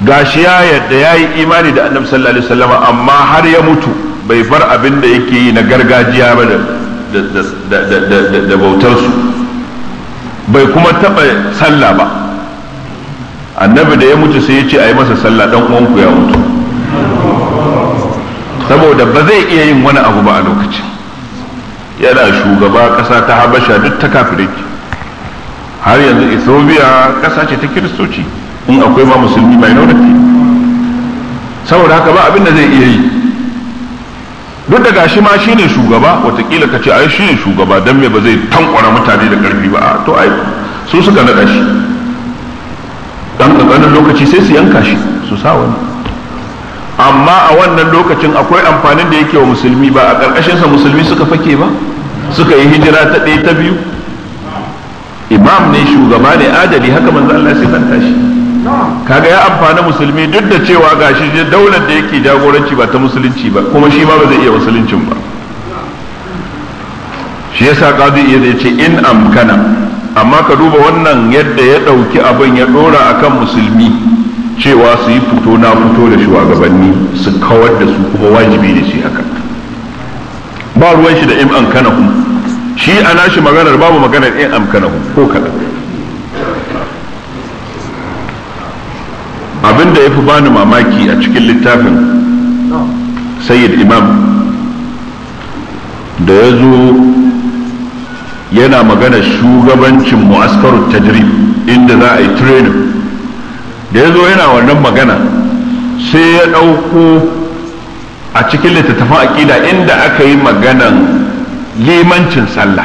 S2: gashi ya yadda yayi imani da annabi sallallahu alaihi wasallam amma har ya mutu bai bar abin da yake yi na gargajiya ba da bautar su bai kuma taɓa sallah ba annabi da ya mutu sai ya ce a yi masa sallah dan uwanku ya mutu saboda ba zai iya yin wani abu ba a lokacin yana shugaba kasa ta habasha duk ta kafirai har yanzu ethiopia kasa ce ta kiristoci in akwai ma musulmi minority saboda haka ba abin da zai iya yi duk da gashi ma shine shugaba watakila ka ce ai shine shugaba don me ba zai tankwara mutane da karfi ba to ai su suka naɗa shi dan ƙanƙanin lokaci sai su yanka shi su sa wani amma a wannan lokacin akwai amfanin da yake wa musulmi ba a ƙarƙashinsa musulmi suka fake ba suka yi hijira ta ɗaya ta biyu imam ne shugaba ne adali haka manzo Allah ya sifanta shi kaga ya amfana musulmi duk da cewa gashi daular da yake jagoranci ba ta musulunci ba kuma shi ma ba zai iya musuluncin ba shi yasa qadi iya ce in amkana amma ka duba wannan yadda ya ɗauki abin ya ɗora akan musulmi cewa su yi fito na fito da shugabanni su kawar da su kuma wajibi ne shi haka ba ruwan shi da in an kana shi a nashi maganar babu maganar in an kana ko kaɗan abin da ya fi bani mamaki a cikin littafin sayyid imam da ya zo yana magana shugabancin mu'askarun tajrib inda za a yi training da ya zo yana wannan magana sai ya ɗauko a cikin littattafan aƙida inda aka yi maganan limancin sallah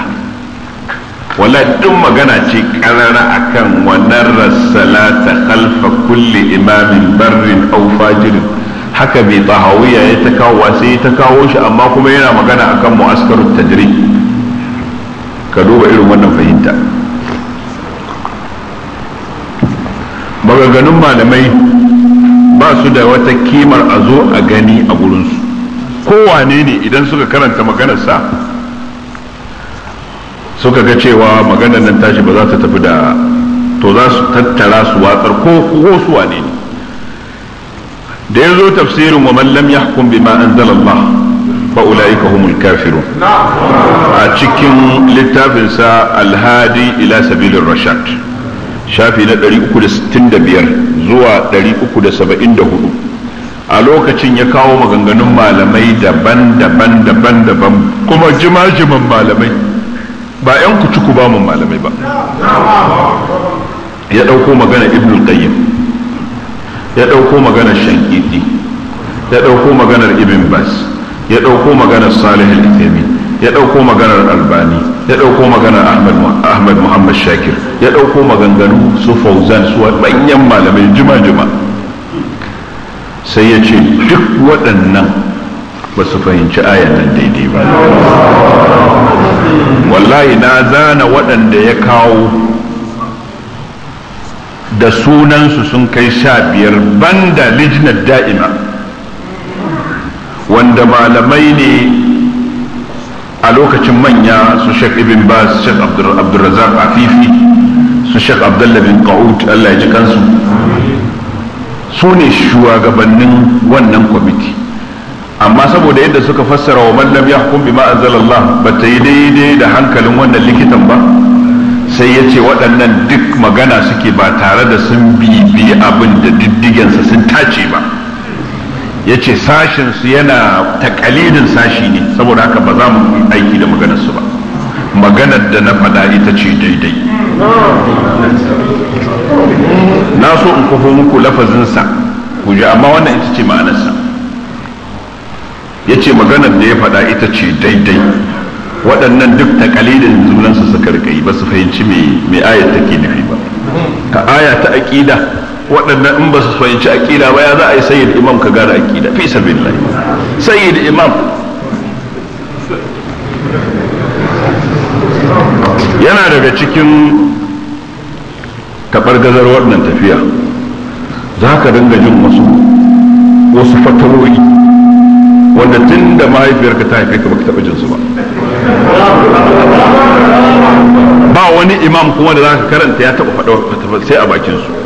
S2: wala duk magana ce karara akan wannan ta kalfa kulle imamin barrin aw fajirin haka bai tsahawiya ya ta kawo sai ta kawo shi amma kuma yana magana akan mu'askarut tajri ka duba irin wannan fahimta maganganun malamai ba su da wata kimar a zo a gani a gurinsu kowane ne idan suka karanta maganarsa suka ga cewa maganar nan tashi ba za ta tafi da to za su tattara su watsar ko su wane ne da ya zo tafsirin wa mallam ya hukum bi ma anzalallah fa ulaika humul kafirun a cikin littafinsa alhadi ila sabilin rashad shafi na 365 zuwa 374 a lokacin ya kawo maganganun malamai daban-daban daban-daban kuma jimajiman malamai ba 'yan kucuku ba mun malamai ba ya ɗauko magana ibn qayyim ya ɗauko magana shankidi ya ɗauko maganar ibn bas ya ɗauko maganar salih al-ithami ya ɗauko maganar albani ya ɗauko maganar ahmad muhammad shakir ya ɗauko maganganu su fauzan su ɗanyen malamai jima-jima sai ya ce duk waɗannan ba su fahimci ayan nan daidai ba wallahi na zana waɗanda ya kawo da sunansu sun kai sha biyar banda lijinar da'ima wanda malamai ne a lokacin manya su shek ibn bas shek abdulrazak afifi su shek abdullah bin qa'ud allah ya ji kansu su ne shugabannin wannan kwamiti amma saboda yadda suka fassara wa mallam ya hukum bima ba ta yi daidai da hankalin wannan likitan ba sai ya ce waɗannan duk magana suke ba tare da sun bibi abin da diddigensa sun tace ba ya ce sashinsu yana kalilin sashi ne saboda haka ba za mu aiki da maganarsu ba maganar da na faɗa ita ce daidai na so in kufo muku lafazinsa ku ji amma wannan ita ce ma'anarsa ya ce maganar da ya faɗa ita ce daidai waɗannan duk kalilin zunansa suka rikai ba su fahimci mai ayat take nufi ba ta aya ta aƙida waɗannan in ba su fahimci aƙida ba ya za a yi sayyid imam ka gane aƙida fi sabilillah sayyid imam yana daga cikin taɓargazar waɗannan tafiya za ka dinga jin wasu wasu fatawoyi wanda tun da mahaifiyarka ta haife ka baka taɓa jinsu ba ba wani imam kuma da za ka karanta ya taɓa faɗa sai a bakinsu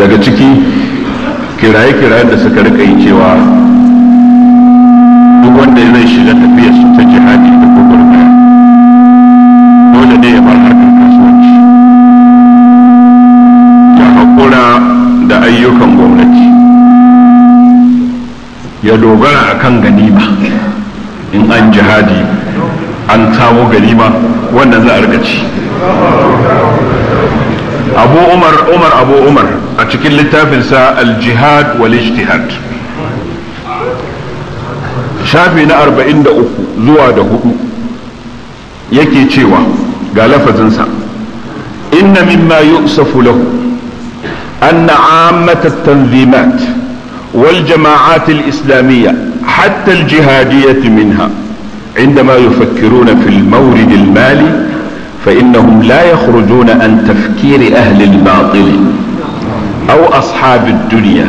S2: daga ciki kiraye kiraye da suka rika yi cewa
S3: duk wanda zai shiga tafiyar su ta jihadi da gwagwarmaya dole ne ya bar harkar kasuwanci
S2: ya haƙura da ayyukan gwamnati ya dogara a kan ganima in an jihadi an samo ganima wannan za a rikaci. abu umar umar abu umar a cikin littafinsa al-jihad wal ijtihad shafi na 43 zuwa da hudu yake cewa ga lafazinsa inna mimma yusafu lahu anna ammat at-tanzimat wal jama'at al-islamiyya hatta al-jihadiyyah minha عندما يفكرون في المورد المالي فإنهم لا يخرجون عن تفكير أهل الباطل أو أصحاب الدنيا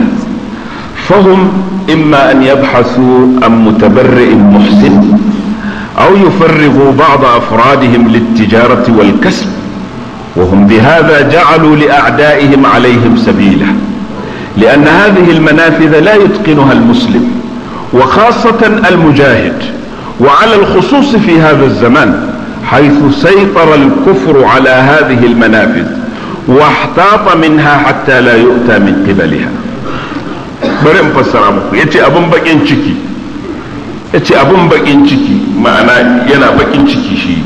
S2: فهم إما أن يبحثوا عن متبرئ محسن أو يفرغوا بعض أفرادهم للتجارة والكسب وهم بهذا جعلوا لأعدائهم عليهم سبيلا لأن هذه المنافذ لا يتقنها المسلم وخاصة المجاهد وعلى الخصوص في هذا الزمان حيث سيطر الكفر على هذه المنافذ واحتاط منها hatta لا يؤتى min قبلها bari in fassara muku yace abun bakin ciki yace abun bakin ciki ma'ana yana bakin ciki shi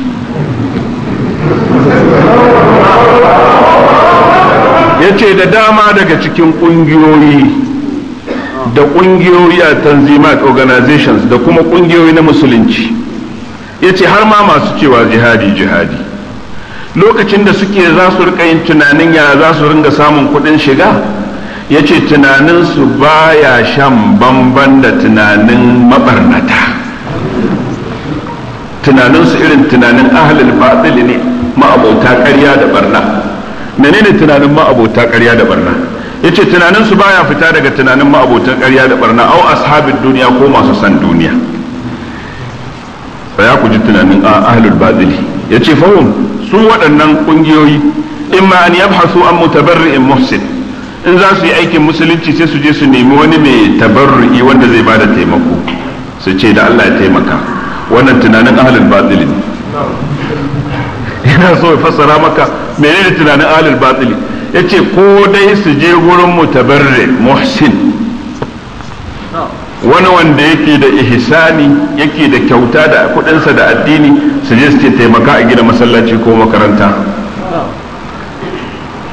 S2: yace da dama daga cikin kungiyoyi da kungiyoyi a tanzimat organizations da kuma kungiyoyi na musulunci yace har ma masu cewa jihadi jihadi lokacin da suke za su rika yin tunanin ya za su ringa samun kuɗin shiga ya ce tunaninsu baya shan bamban da tunanin mabarnata tunaninsu irin tunanin ahalil batil ne ma'abauta ƙarya da barna menene tunanin ma'abauta ƙarya da barna ya ce tunaninsu baya fita daga tunanin ma'abautan ƙarya da barna au ashabin duniya ko masu san duniya ya ku ji tunanin ahalil batili ya ce fahim sun waɗannan ƙungiyoyi in ma an yabhasu an mutabarri'in muhsin in za su yi aikin musulunci sai su je su nemi wani mai tabarru'i wanda zai bada taimako su ce da Allah ya taimaka wannan tunanin ahlul ne yana so ya fassara maka menene tunanin ahlul batil yace ko dai su je gurin mutabarri muhsin wani wanda yake da ihsani yake da kyauta da kudinsa da addini su je su taimaka a gina masallaci ko makaranta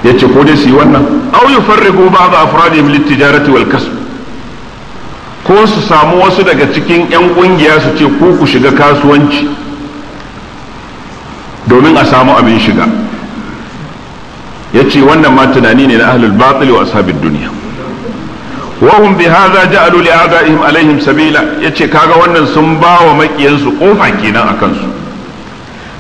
S2: ya ce ko dai su yi wannan au yi ko ba za a faradi littijarati wal kasu ko su samu wasu daga cikin 'yan kungiya su ce ko ku shiga kasuwanci domin a samu abin shiga ya ce wannan ma tunani ne na ahlul batil wa duniya wahum bihaza hadha ja'alu li a'daihim alaihim sabila yace kaga wannan sun ba wa makiyansu kofa kenan akan su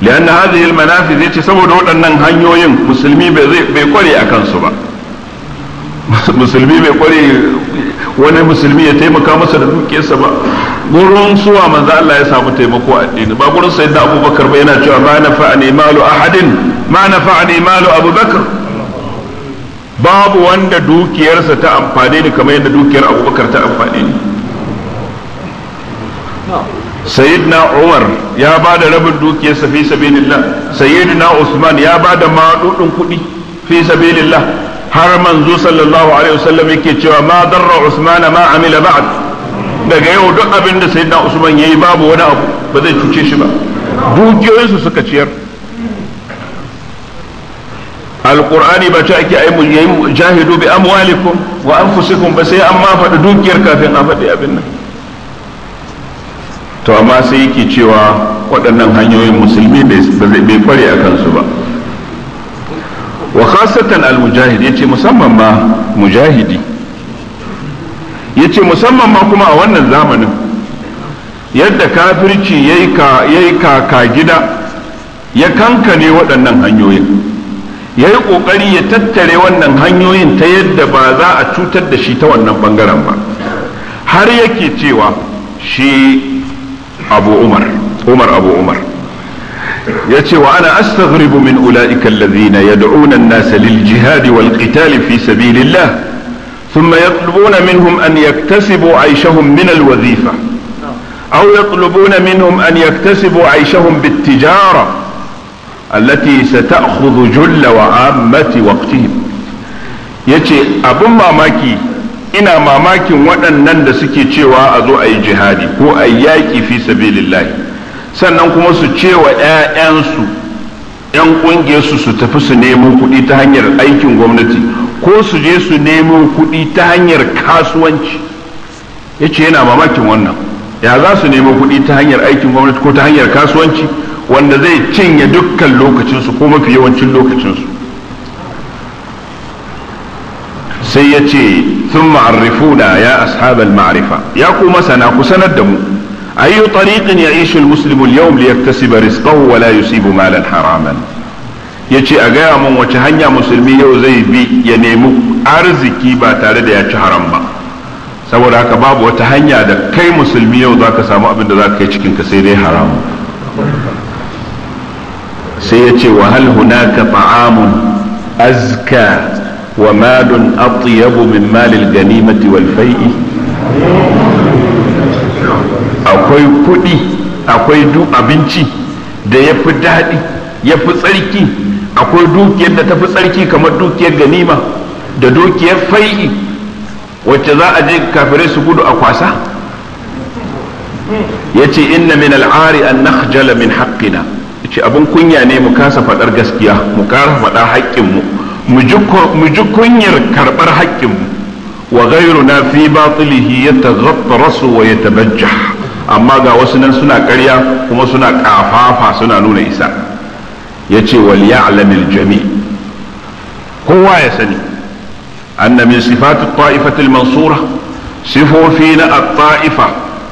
S2: lian hadhihi al manafiz saboda waɗannan hanyoyin musulmi bai kware akan su ba musulmi bai kware wani musulmi ya taimaka masa da dukiyarsa ba gurin suwa manzo Allah ya samu taimako a addini ba gurin Abubakar ba yana cewa ma nafa'ani malu ahadin ma nafa'ani malu Abubakar babu wanda dukiyarsa ta amfane ni kamar yadda dukiyar abubakar ta amfane ni sayyidina umar ya ba da rabin dukiyar sa fi sabilillah sayyidina usman ya ba da madudin kudi fi sabilillah har manzo sallallahu alaihi wasallam yake cewa ma darra usman ma amila ba'd daga yau duk abin da sayyidina usman yayi babu wani abu ba zai cuce shi ba
S3: dukiyoyinsu
S2: suka ciyar alqur'ani ba ta ake aimu yayi jahidu bi amwalikum wa anfusikum ba sai amma faɗi dukiyar kafin a faɗi abin nan to amma sai yake cewa waɗannan hanyoyin musulmi bai kware a kansu ba wa khasatan al yace musamman ma mujahidi yace musamman ma kuma a wannan zamanin yadda kafirci yayi ka yayi kaka gida ya kankane waɗannan hanyoyin ya yi kokari ya tattare wannan hanyoyin ta yadda ba za a cutar da shi ta wannan bangaren ba har yake cewa shi abu umar umar abu umar ya ce wa ana astaghribu min ula'ika allazina yad'una an-nasa lil jihad wal qital fi sabilillah thumma yatlubuna minhum an yaktasibu أن min al wazifa aw yatlubuna minhum an yaktasibu يكتسبوا bit tijara التي ستأخذ جل وعامة ammati waqtihim أبو abin mamaki ina mamakin waɗannan da suke cewa a zo a yi jihadi ko a yi yaƙi fi sabilillahi sannan kuma su cewa su ƙungiyarsu su tafi su nemo kuɗi ta hanyar aikin gwamnati ko su je su nemo kuɗi ta hanyar kasuwanci ya ce yana mamakin wannan ya za su nemo kuɗi ta hanyar aikin gwamnati ko ta hanyar kasuwanci wanda zai cinye dukkan lokacinsu ko mafi yawancin lokacinsu sai ya ce sun ma'arrifuna ya ashabal ma'arifa ya ku masana ku sanar da mu ayyu tariqin ya ishu Musulmi al-yawm liyaktasiba rizqahu wa la yusibu malan haraman yace a gaya mun wace hanya musulmi yau zai bi ya nemi arziki ba tare da ya ci haram ba saboda haka babu wata hanya da kai musulmi yau zaka samu abin da zaka kai cikin ka sai dai haramu sai ya ce wa hal hunaka ta'amun azka wa malun atyabu min malil ganimati wal fai'i akwai kuɗi akwai duk abinci da ya fi daɗi ya fi tsarki akwai dukiyar da ta fi tsarki kamar dukiyar ganima da dukiyar fai'i wacce za a je kafirai su gudu a kwasa ya ce inna min al'ari an nakhjala min haƙƙina. ce abin kunya ne mu kasa faɗar gaskiya mu kasa faɗa haƙƙinmu mu ji kunyar karɓar haƙƙinmu wa na fi batilihi yataghrasu wa yatabajjah amma ga wasu nan suna ƙarya kuma suna ƙafafa suna nuna isa yace wal ya'lamil jami kowa ya sani anna min sifati ta'ifatil mansura sifofi na at-ta'ifa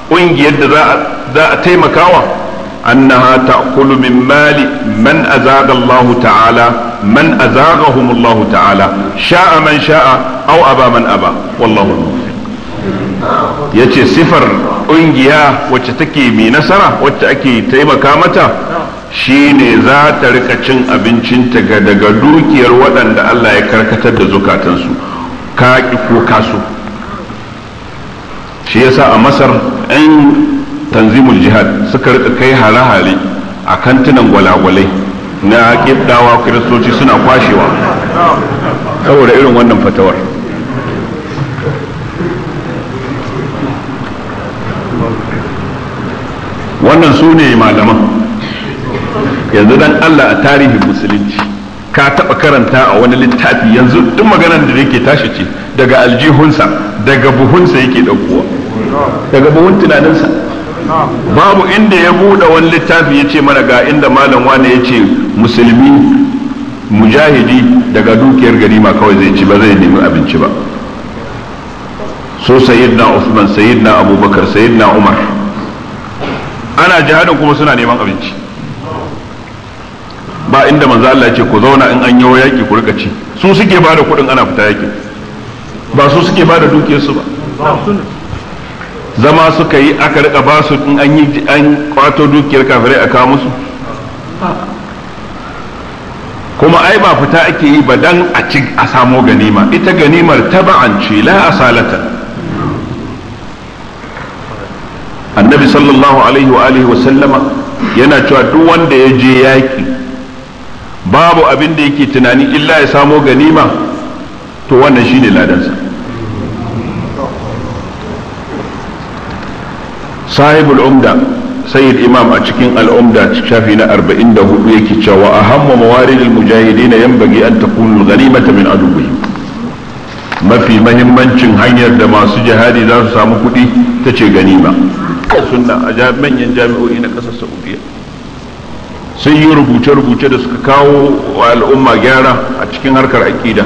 S2: ƙungiyar da za a taimakawa أنها تأكل من مال من أزاغ الله تعالى من أزاغهم الله تعالى شاء من شاء أو أبى من أبى والله الموفق yace sifar ƙungiya wacce take mai nasara wacce ake taimaka mata shine za ta rika cin abincinta daga dukiyar waɗanda Allah ya karkatar da zukatansu ka ko kasu shi yasa a masar 'yan tanzimul jihad suka rika kai hare-hare a kantinan gwalagwalai na kiddawa kiristoci suna kwashewa saboda irin wannan fatawar wannan su ne malaman yanzu dan allah a tarihin musulunci ka taɓa karanta a wani littafi yanzu duk maganar da yake tashi ce daga aljihunsa daga buhunsa yake ɗaukowa daga buhun tunaninsa babu inda ya buɗe wani littafi ya ce mana ga inda malam wane ya ce musulmi mujahidi daga dukiyar ganima kawai zai ci ba zai nemi abinci ba so sayidna Usman sayidna Abubakar sayidna Umar ana jihadin kuma suna neman abinci ba inda manzo Allah ya ce ku zauna in an yawo yaki ku rika ci su suke bada kuɗin ana fita yaki ba su suke bada dukiyar su ba zama suka yi aka rika ba su in an yi an kwato dukiyar kafirai a kawo musu kuma ai ba fita ake yi ba dan a ci a samo ganima ita ganimar taba'an ce la asalata annabi sallallahu alaihi wa alihi wa sallama yana cewa duk wanda ya je yaki babu abin da yake tunani illa ya samo ganima to wannan shine ladansa sahibul umda sayid imam a cikin al'umda shafi na 44 yake cewa a hamma mawaridil mujahidina yanbaghi an takunu al min mafi mahimmancin hanyar da masu jihadi za su samu kuɗi ta ce ganima sunna a manyan jami'o'i na ƙasar saudiya sun yi rubuce-rubuce da suka kawo wa al'umma gyara a cikin harkar aƙida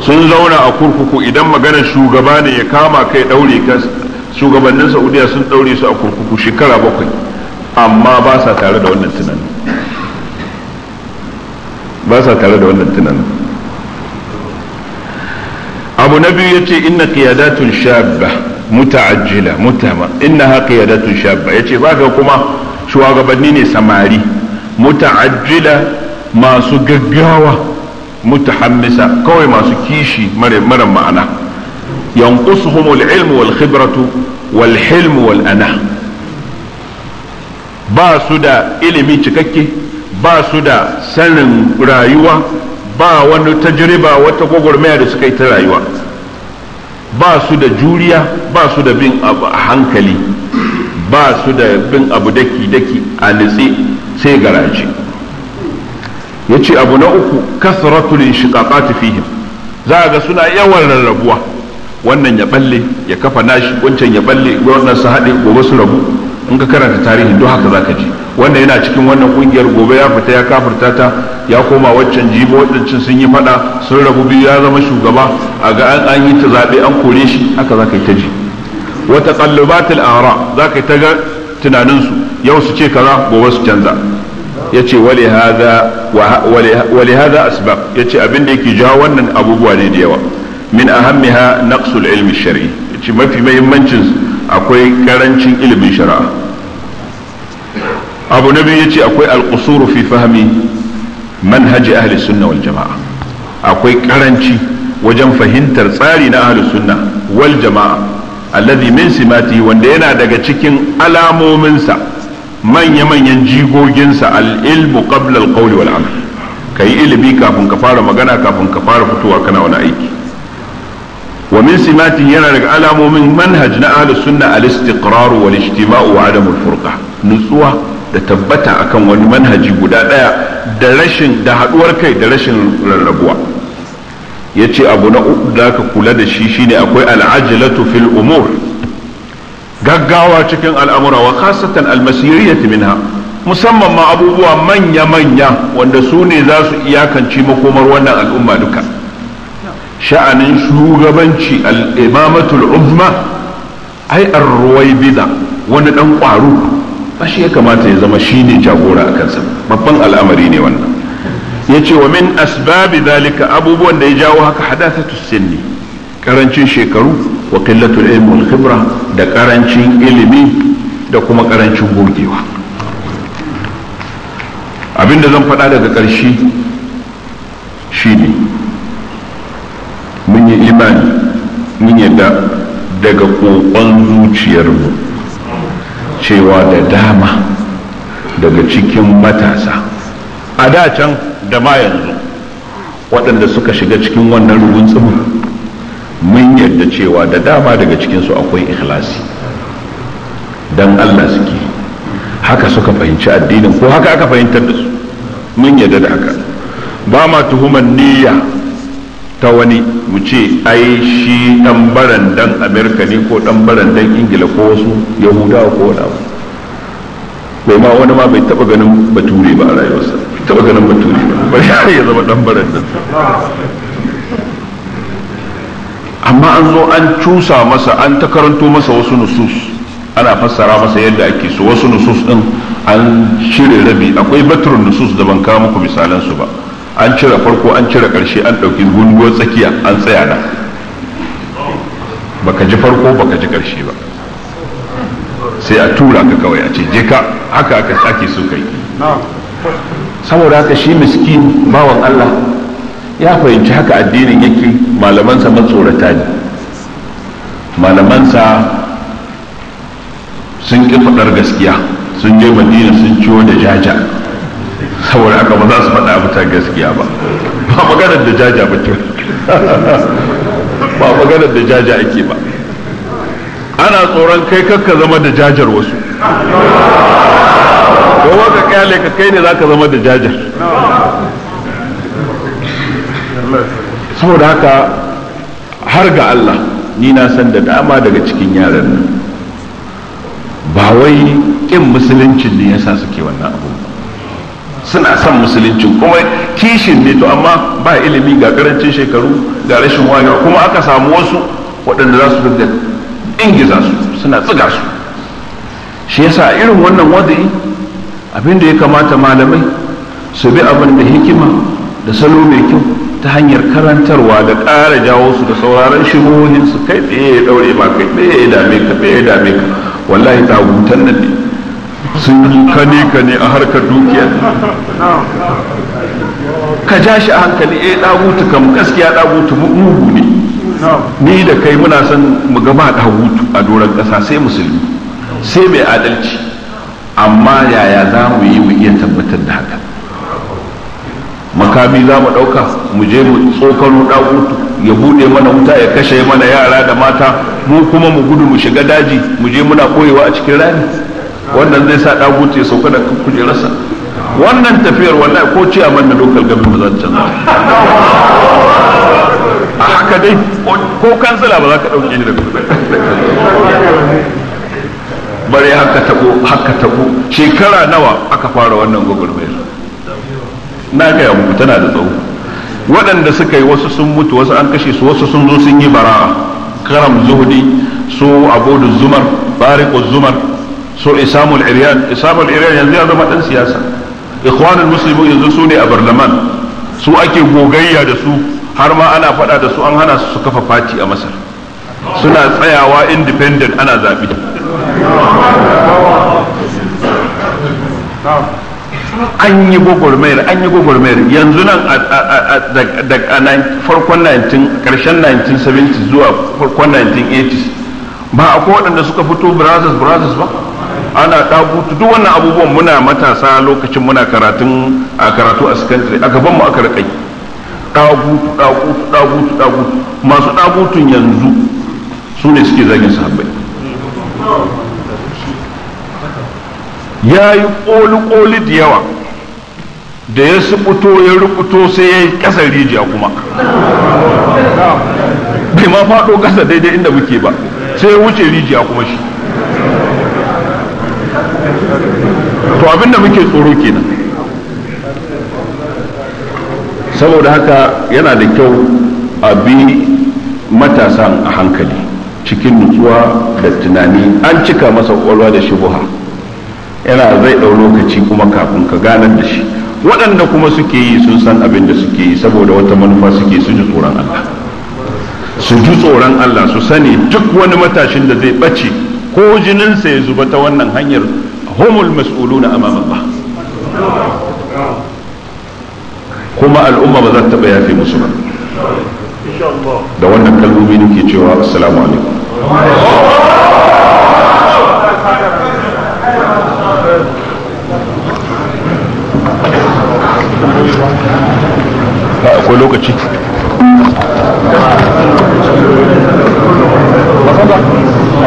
S2: sun zauna a kurkuku idan maganar shugaba ne ya kama kai ɗaure ka shugabannin saudiya sun ɗaure su a kurkuku shekara bakwai amma ba sa tare da wannan tunanin ba sa tare da wannan tunanin abu na biyu ya ce inna qiyadatun shabba muta'ajjila mutama innaha qiyadatun shabba ce ba ga kuma shugabanni ne samari muta'ajjila masu gaggawa mutahammisa kawai masu kishi mara ma'ana ينقصهم العلم والخبرة والحلم والأناه ba su da ilimi cikakke ba su da sanin rayuwa ba wani tajriba wata gwagwarmaya da suka yi ta rayuwa ba su da juriya ba su da bin abu a hankali ba su da bin abu daki-daki a nitsi sai garaje ya ce abu na uku kasaratul shiqaqati fihim za ga suna yawan rarrabuwa wannan ya balle ya kafa nashi wancan ya balle wannan su haɗe gobe su rabu in ka karanta tarihin duk haka zaka ji wannan yana cikin wannan kungiyar gobe ya fita ya kafirta ta ya koma waccan jibo waɗancan sun yi faɗa sun rabu biyu ya zama shugaba a ga an an yi ta zaɓe an kore shi haka zaka yi ta ji wata kallubatul ara zaka yi ta ga tunaninsu yau su ce kaza gobe su canza ya ce wale hada asbab ya abin da yake jawo wannan abubuwa ne da yawa min ahammiha naqsul ilmi shar'i yace mafi muhimmancin akwai karancin ilimin shari'a abu na biyu yace akwai alqusuru fi fahmi manhaji ahli sunna wal jama'a akwai karanci wajen fahimtar tsari na ahli sunna wal jama'a alladhi min simati wanda yana daga cikin alamominsa manya-manyan jigoginsa al'ilmu qabla al-qawli wal amal yi ilimi kafin ka fara magana kafin ka fara fitowa kana wani aiki wa min simati yana daga alamomin manhaj na ahlus sunna al-istiqrar wal ijtima'u wa adam al-furqa nutsuwa da tabbata akan wani manhaji guda daya da da haduwar kai da rashin rarrabuwa yace abu na uku da kula da shi shine akwai al-ajlatu fil umur gaggawa cikin al'amura wa khasatan al-masiriyyati ha musamman ma abubuwa manya-manya wanda su ne za su iyakanci makomar wannan al'umma duka sha'anin shugabanci al'imamatul uzma ai Bida, wani ɗan ƙwaro ba shi ya kamata ya zama shi ne jagora a kansa babban al'amari ne wannan ya ce wa min asbabi dalika abubuwan da ya jawo haka hadathatu sinni karancin shekaru wa qillatul ilmi khibra da karancin ilimi da kuma karancin gogewa abinda zan faɗa daga ƙarshe shi ne mun yi imani mun yadda daga kokon zuciyarmu cewa da dama daga cikin matasa a da can da ma yanzu waɗanda suka shiga cikin wannan rugun tsibirin mun yadda cewa da dama daga cikinsu akwai ikhlasi don allah suke haka suka fahimci addinin ko haka aka fahimtar da su mun yadda da haka ba ma tuhumar niyya ta wani mu ce ai shi dan barandan amerika ne ko dan barandan ingila ko wasu yahudawa ko wani abu bai ma wani ma bai taba ganin bature ba a rayuwarsa bai taba ganin bature ba bari ya zama dan barandan amma an zo an cusa masa an ta karanto masa wasu nusus ana fassara masa yadda ake so wasu nusus din an shirya rabi akwai batrun nusus da ban kawo muku misalan su ba an cire farko an cire ƙarshe an ɗauki gunduwar tsakiya an tsaya nan baka ji farko baka ji ƙarshe ba sai a tura ka kawai a ce je ka haka aka ake so kai saboda haka shi miskin bawan Allah ya fahimci haka addinin yake malamansa matsorata ne malamansa sun ƙi faɗar gaskiya sun je madina sun ciwo da jaja saboda haka ba za su faɗa abu ta gaskiya ba ba maganar da jaja ba ce ba maganar da jaja ake ba ana tsoron kai kakka zama da jajar wasu kowa ka kyale ka kai ne za ka zama da jajar saboda haka har ga Allah ni na san da dama daga cikin yaran nan ba wai ƙin musuluncin ne yasa suke wannan abu ba suna son musulunci kuma kishin ne to amma ba ilimi ga karancin shekaru ga rashin wayewa kuma aka samu wasu waɗanda za su dinga ingiza su suna tsiga su shi yasa irin wannan wada'i abinda ya kamata malamai su bi abin da hikima da salo mai kyau ta hanyar karantarwa da ƙara jawo su da sauraron shigohin su kai tsaye ya daure ma kai tsaye ya dame ka tsaye ya dame ka wallahi nan ne sun yi kane kane a harkar dukiya ka ja shi a hankali eh dagutu kam gaskiya dagutu mugu ne ni da kai muna son mu ga ba dagutu a doran ƙasa sai musulmi sai mai adalci amma yaya za mu yi mu iya tabbatar da haka makami za mu ɗauka mu je mu tsokano ya buɗe mana wuta ya kashe mana yara da mata mu kuma mu gudu mu shiga daji mu je muna koyewa a cikin rani wannan zai sa sau sauka da rasa wannan tafiyar wallahi ko ce a manna lokal gami ba za ta canza a haka dai ko kansala ba za ka ɗauke ni daga bare haka tabo haka tabo shekara nawa aka fara wannan mai na gaya muku tana da tsawo waɗanda suka yi wasu sun mutu wasu an kashe su wasu sun zo sun yi bara karam zuhudi su abudu zumar Bariko zumar so isamul iryan isamul iryan yanzu ya zama dan siyasa ikhwanul muslimu yanzu su ne a barlaman su ake gogayya da su har ma ana faɗa da su an hana su su kafa fati a masar suna tsayawa independent ana zaɓi an yi gwagwarmayar an yi gwagwarmayar yanzu nan a farkon 19 karshen 1970 zuwa farkon 1980 ba akwai waɗanda suka fito brazos brazos ba ana ɗabutu duk wannan abubuwan muna matasa lokacin muna karatun a karatu a secondary a gaban mu aka rikai ɗabutu ɗabutu ɗabutu ɗabutu masu ɗabutun yanzu su ne suke zagin sahabbai ya yi ƙoli-ƙoli da yawa da ya sukuto ya rubuto sai ya yi ƙasar rijiya kuma bai ma faɗo ƙasa daidai inda muke ba sai ya wuce rijiya kuma shi abin da muke tsoro kenan saboda haka yana da kyau a bi matasan a hankali cikin nutsuwa da tunani an cika masa kwalwa da shubuha yana zai ɗau lokaci kuma kafin ka ganar da shi waɗanda kuma suke yi sun san abin da suke yi saboda wata manufa suke su ji tsoron Allah su ji tsoron Allah su sani duk wani matashin da zai ɓace ko jininsa ya zuba ta wannan hanyar هم المسؤولون امام الله هم الامة بذات بها في مسلم ان شاء الله دوانا كلمة منك يتشوى السلام عليكم لا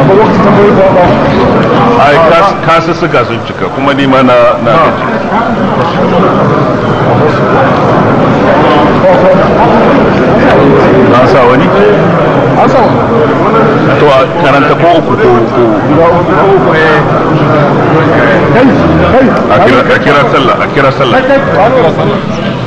S2: أقول ai kasa suka sun cika kuma ni ma na na na sa wani to a karanta ko uku ko uku a kira sallah a kira sallah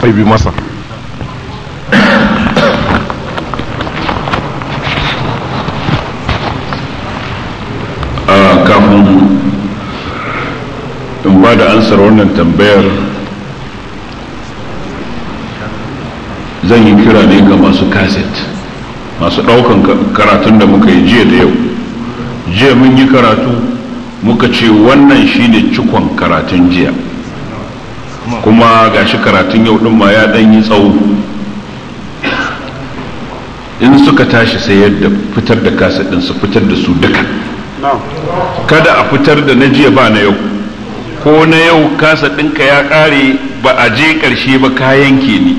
S2: bai bi masa kafin in ba da ansar wannan tambayar zan yi kira ne ga masu kaset masu ɗaukan karatun da muka yi jiya da yau jiya mun yi karatu muka ce wannan shine cikon karatun jiya kuma gashi karatun yau ɗin ma ya ɗan yi tsawo in suka tashi sai yadda fitar da kasadin su fitar da su duka kada a fitar da na jiya ba na yau ko na yau ɗinka ya ƙare ba a je ƙarshe ba kayan ke ni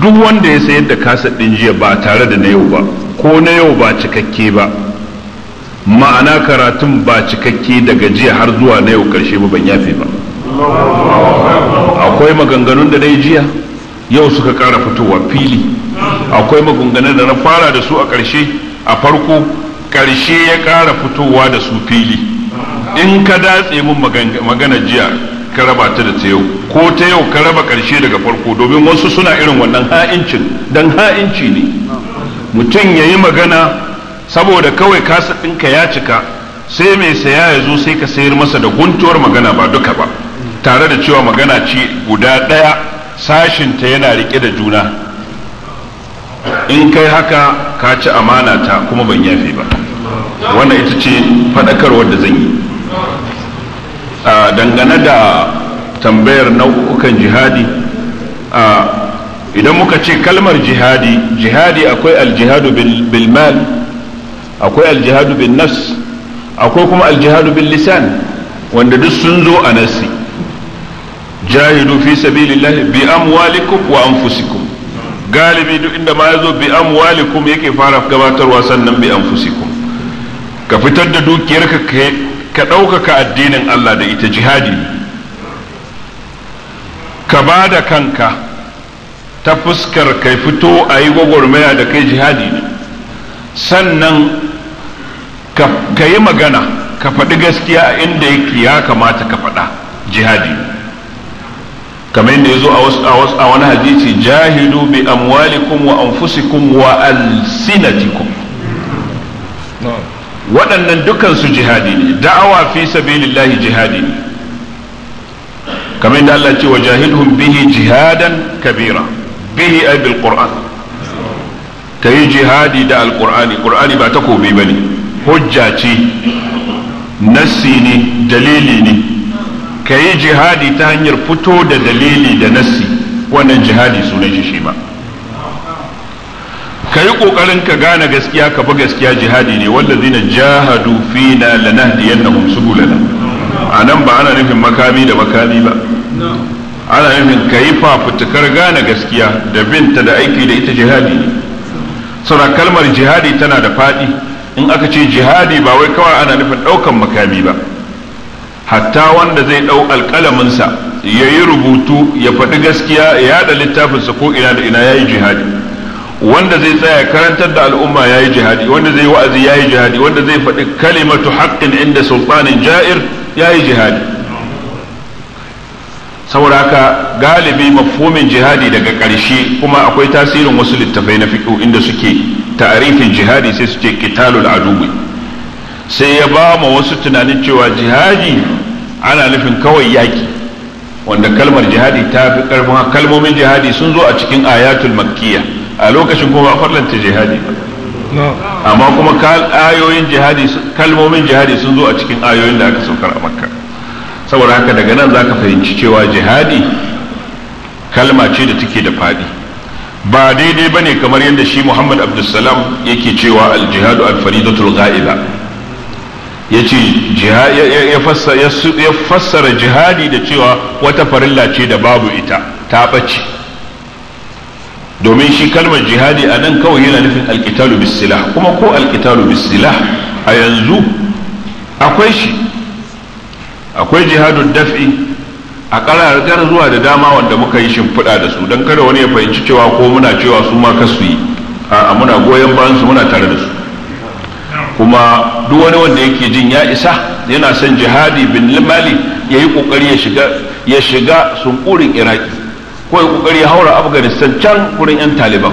S2: duk wanda ya sayar da kasa ɗin jiya ba tare da na yau ba ko na yau ba cikakke ba ma'ana karatun ba cikakke daga jiya har zuwa na yau karshe ba ban yafe ba akwai maganganun da dai jiya yau suka kara fitowa fili akwai maganganun da na fara da su a ƙarshe a farko ƙarshe ya kara fitowa da su fili in ka datse mun magana jiya ka raba ta da ta yau ko ta yau ka raba ƙarshe daga farko domin wasu suna irin wannan ha'incin dan ha'inci ne mutum ya yi magana saboda kawai kasa ɗinka ya cika sai mai saya ya zo sai ka sayar masa da guntuwar magana ba duka ba tare da cewa magana ce guda ɗaya sashinta yana riƙe da juna in kai haka ka ci amana ta kuma ban yafe ba wannan ita ce faɗakarwar da zan yi dangane da tambayar nau'ukan jihadi idan muka ce kalmar jihadi jihadi akwai aljihadu bil mal akwai aljihadu bin nafs akwai kuma aljihadu bil lisan wanda duk sun zo a nasi jahidu fi sabilillahi bi amwalikum wa anfusikum galibi duk inda ma yazo bi amwalikum yake fara gabatarwa sannan bi anfusikum ka fitar da dukiyarka ka ɗaukaka addinin Allah da ita jihadi ka ba da kanka ta fuskar kai fito a yi gwagwarmaya da kai jihadi ne sannan ka yi magana ka faɗi gaskiya a inda yake ya kamata ka faɗa jihadi ne kamar yadda ya zo a wani hadisi jahidu bi amwalikum wa anfusikum wa alsinatikum waɗannan dukansu jihadi ne da'awa fi sabilillahi jihadi ne kamar yadda Allah ce wa jahidhum bihi jihadan kabira bihi ay bil qur'an kai jihadi da alqur'ani qur'ani ba takobi bane hujja ce nassi ne dalili ne ka yi jihadi ta hanyar fito da dalili da nassi wannan jihadi sunan shi shi ba ka yi ƙoƙarin ka gane gaskiya ka bi gaskiya jihadi ne zina jahadu fina lanahdiyannahum subulana a nan ba ana nufin makami da makami ba ana nufin ka yi fafutukar gane gaskiya da binta da aiki da ita jihadi ne saura kalmar jihadi tana da faɗi in aka ce jihadi ba wai kawai ana nufin ɗaukan makami ba hatta wanda zai ɗau alƙalaminsa ya yi rubutu ya faɗi gaskiya ya yaɗa littafinsa ko ina da ina ya yi jihadi wanda zai tsaya karantar da al'umma ya yi jihadi wanda zai wa'azi ya yi jihadi wanda zai faɗi kalimatu haƙƙin inda sultanin ja'ir ya yi jihadi saboda haka galibi mafhumin jihadi daga ƙarshe kuma akwai tasirin wasu littafai na fiƙo inda suke ta'arifin jihadi sai suke qitalul aduwi sai ya ba mu wasu tunanin cewa jihadi ana nufin kawai yaki wanda kalmar jihadi ta fi karfin kalmomin jihadi sun zo a cikin ayatul makkiya a lokacin kuma a farlanta jihadi amma kuma ayoyin jihadi kalmomin jihadi sun zo a cikin ayoyin da aka saukar a makka saboda haka daga nan zaka fahimci cewa jihadi kalma ce da take da fadi ba daidai bane kamar yadda shi Muhammad Abdulsalam yake cewa al-jihadu al-faridatul ya ce ya fassara jihadi da cewa wata farilla ce da babu ita ta ɓace domin shi kalmar jihadi a nan kawai yana nufin alkitalu bisilah kuma ko alkitalu bisilah a yanzu akwai shi akwai jihadun daf'i a ƙararrakar zuwa da dama wanda muka yi shimfiɗa da su don kada wani ya fahimci cewa ko muna cewa su ma kasu yi a muna goyon bayan su muna tare da su kuma duk wani wanda yake jin ya isa yana son jihadi bin mali ya yi kokari ya shiga ya shiga sunkurin iraki ko ya kokari ya haura afghanistan can kurin yan taliban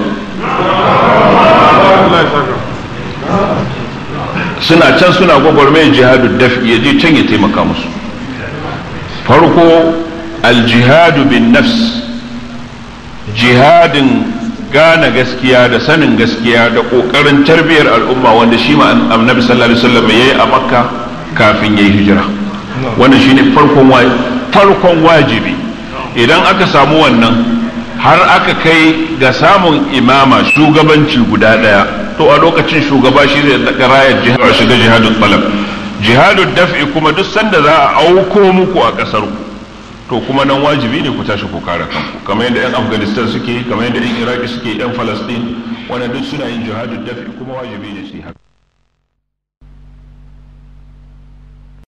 S2: suna can suna gwagwarmayar jihadu dafi ya je can ya taimaka musu farko aljihadu bin nafs jihadin gane gaskiya da sanin gaskiya da ƙoƙarin tarbiyyar al'umma wanda shi ma annabi sallallahu alaihi wasallam yayi a makka kafin yayi hijira wannan shine farkon farkon wajibi idan aka samu wannan har aka kai ga samun imama shugabanci guda daya to a lokacin shugaba shi zai daga rayar jihar shiga jihadul talab jihadul daf'i kuma duk sanda za a auko muku a ƙasarku. to kuma nan wajibi ne ku tashi ku kare kanku kamar yadda yan afghanistan suke kamar yadda yan iraki suke yan falastin wanda duk suna yin
S3: jihadin dafi kuma wajibi ne su yi haka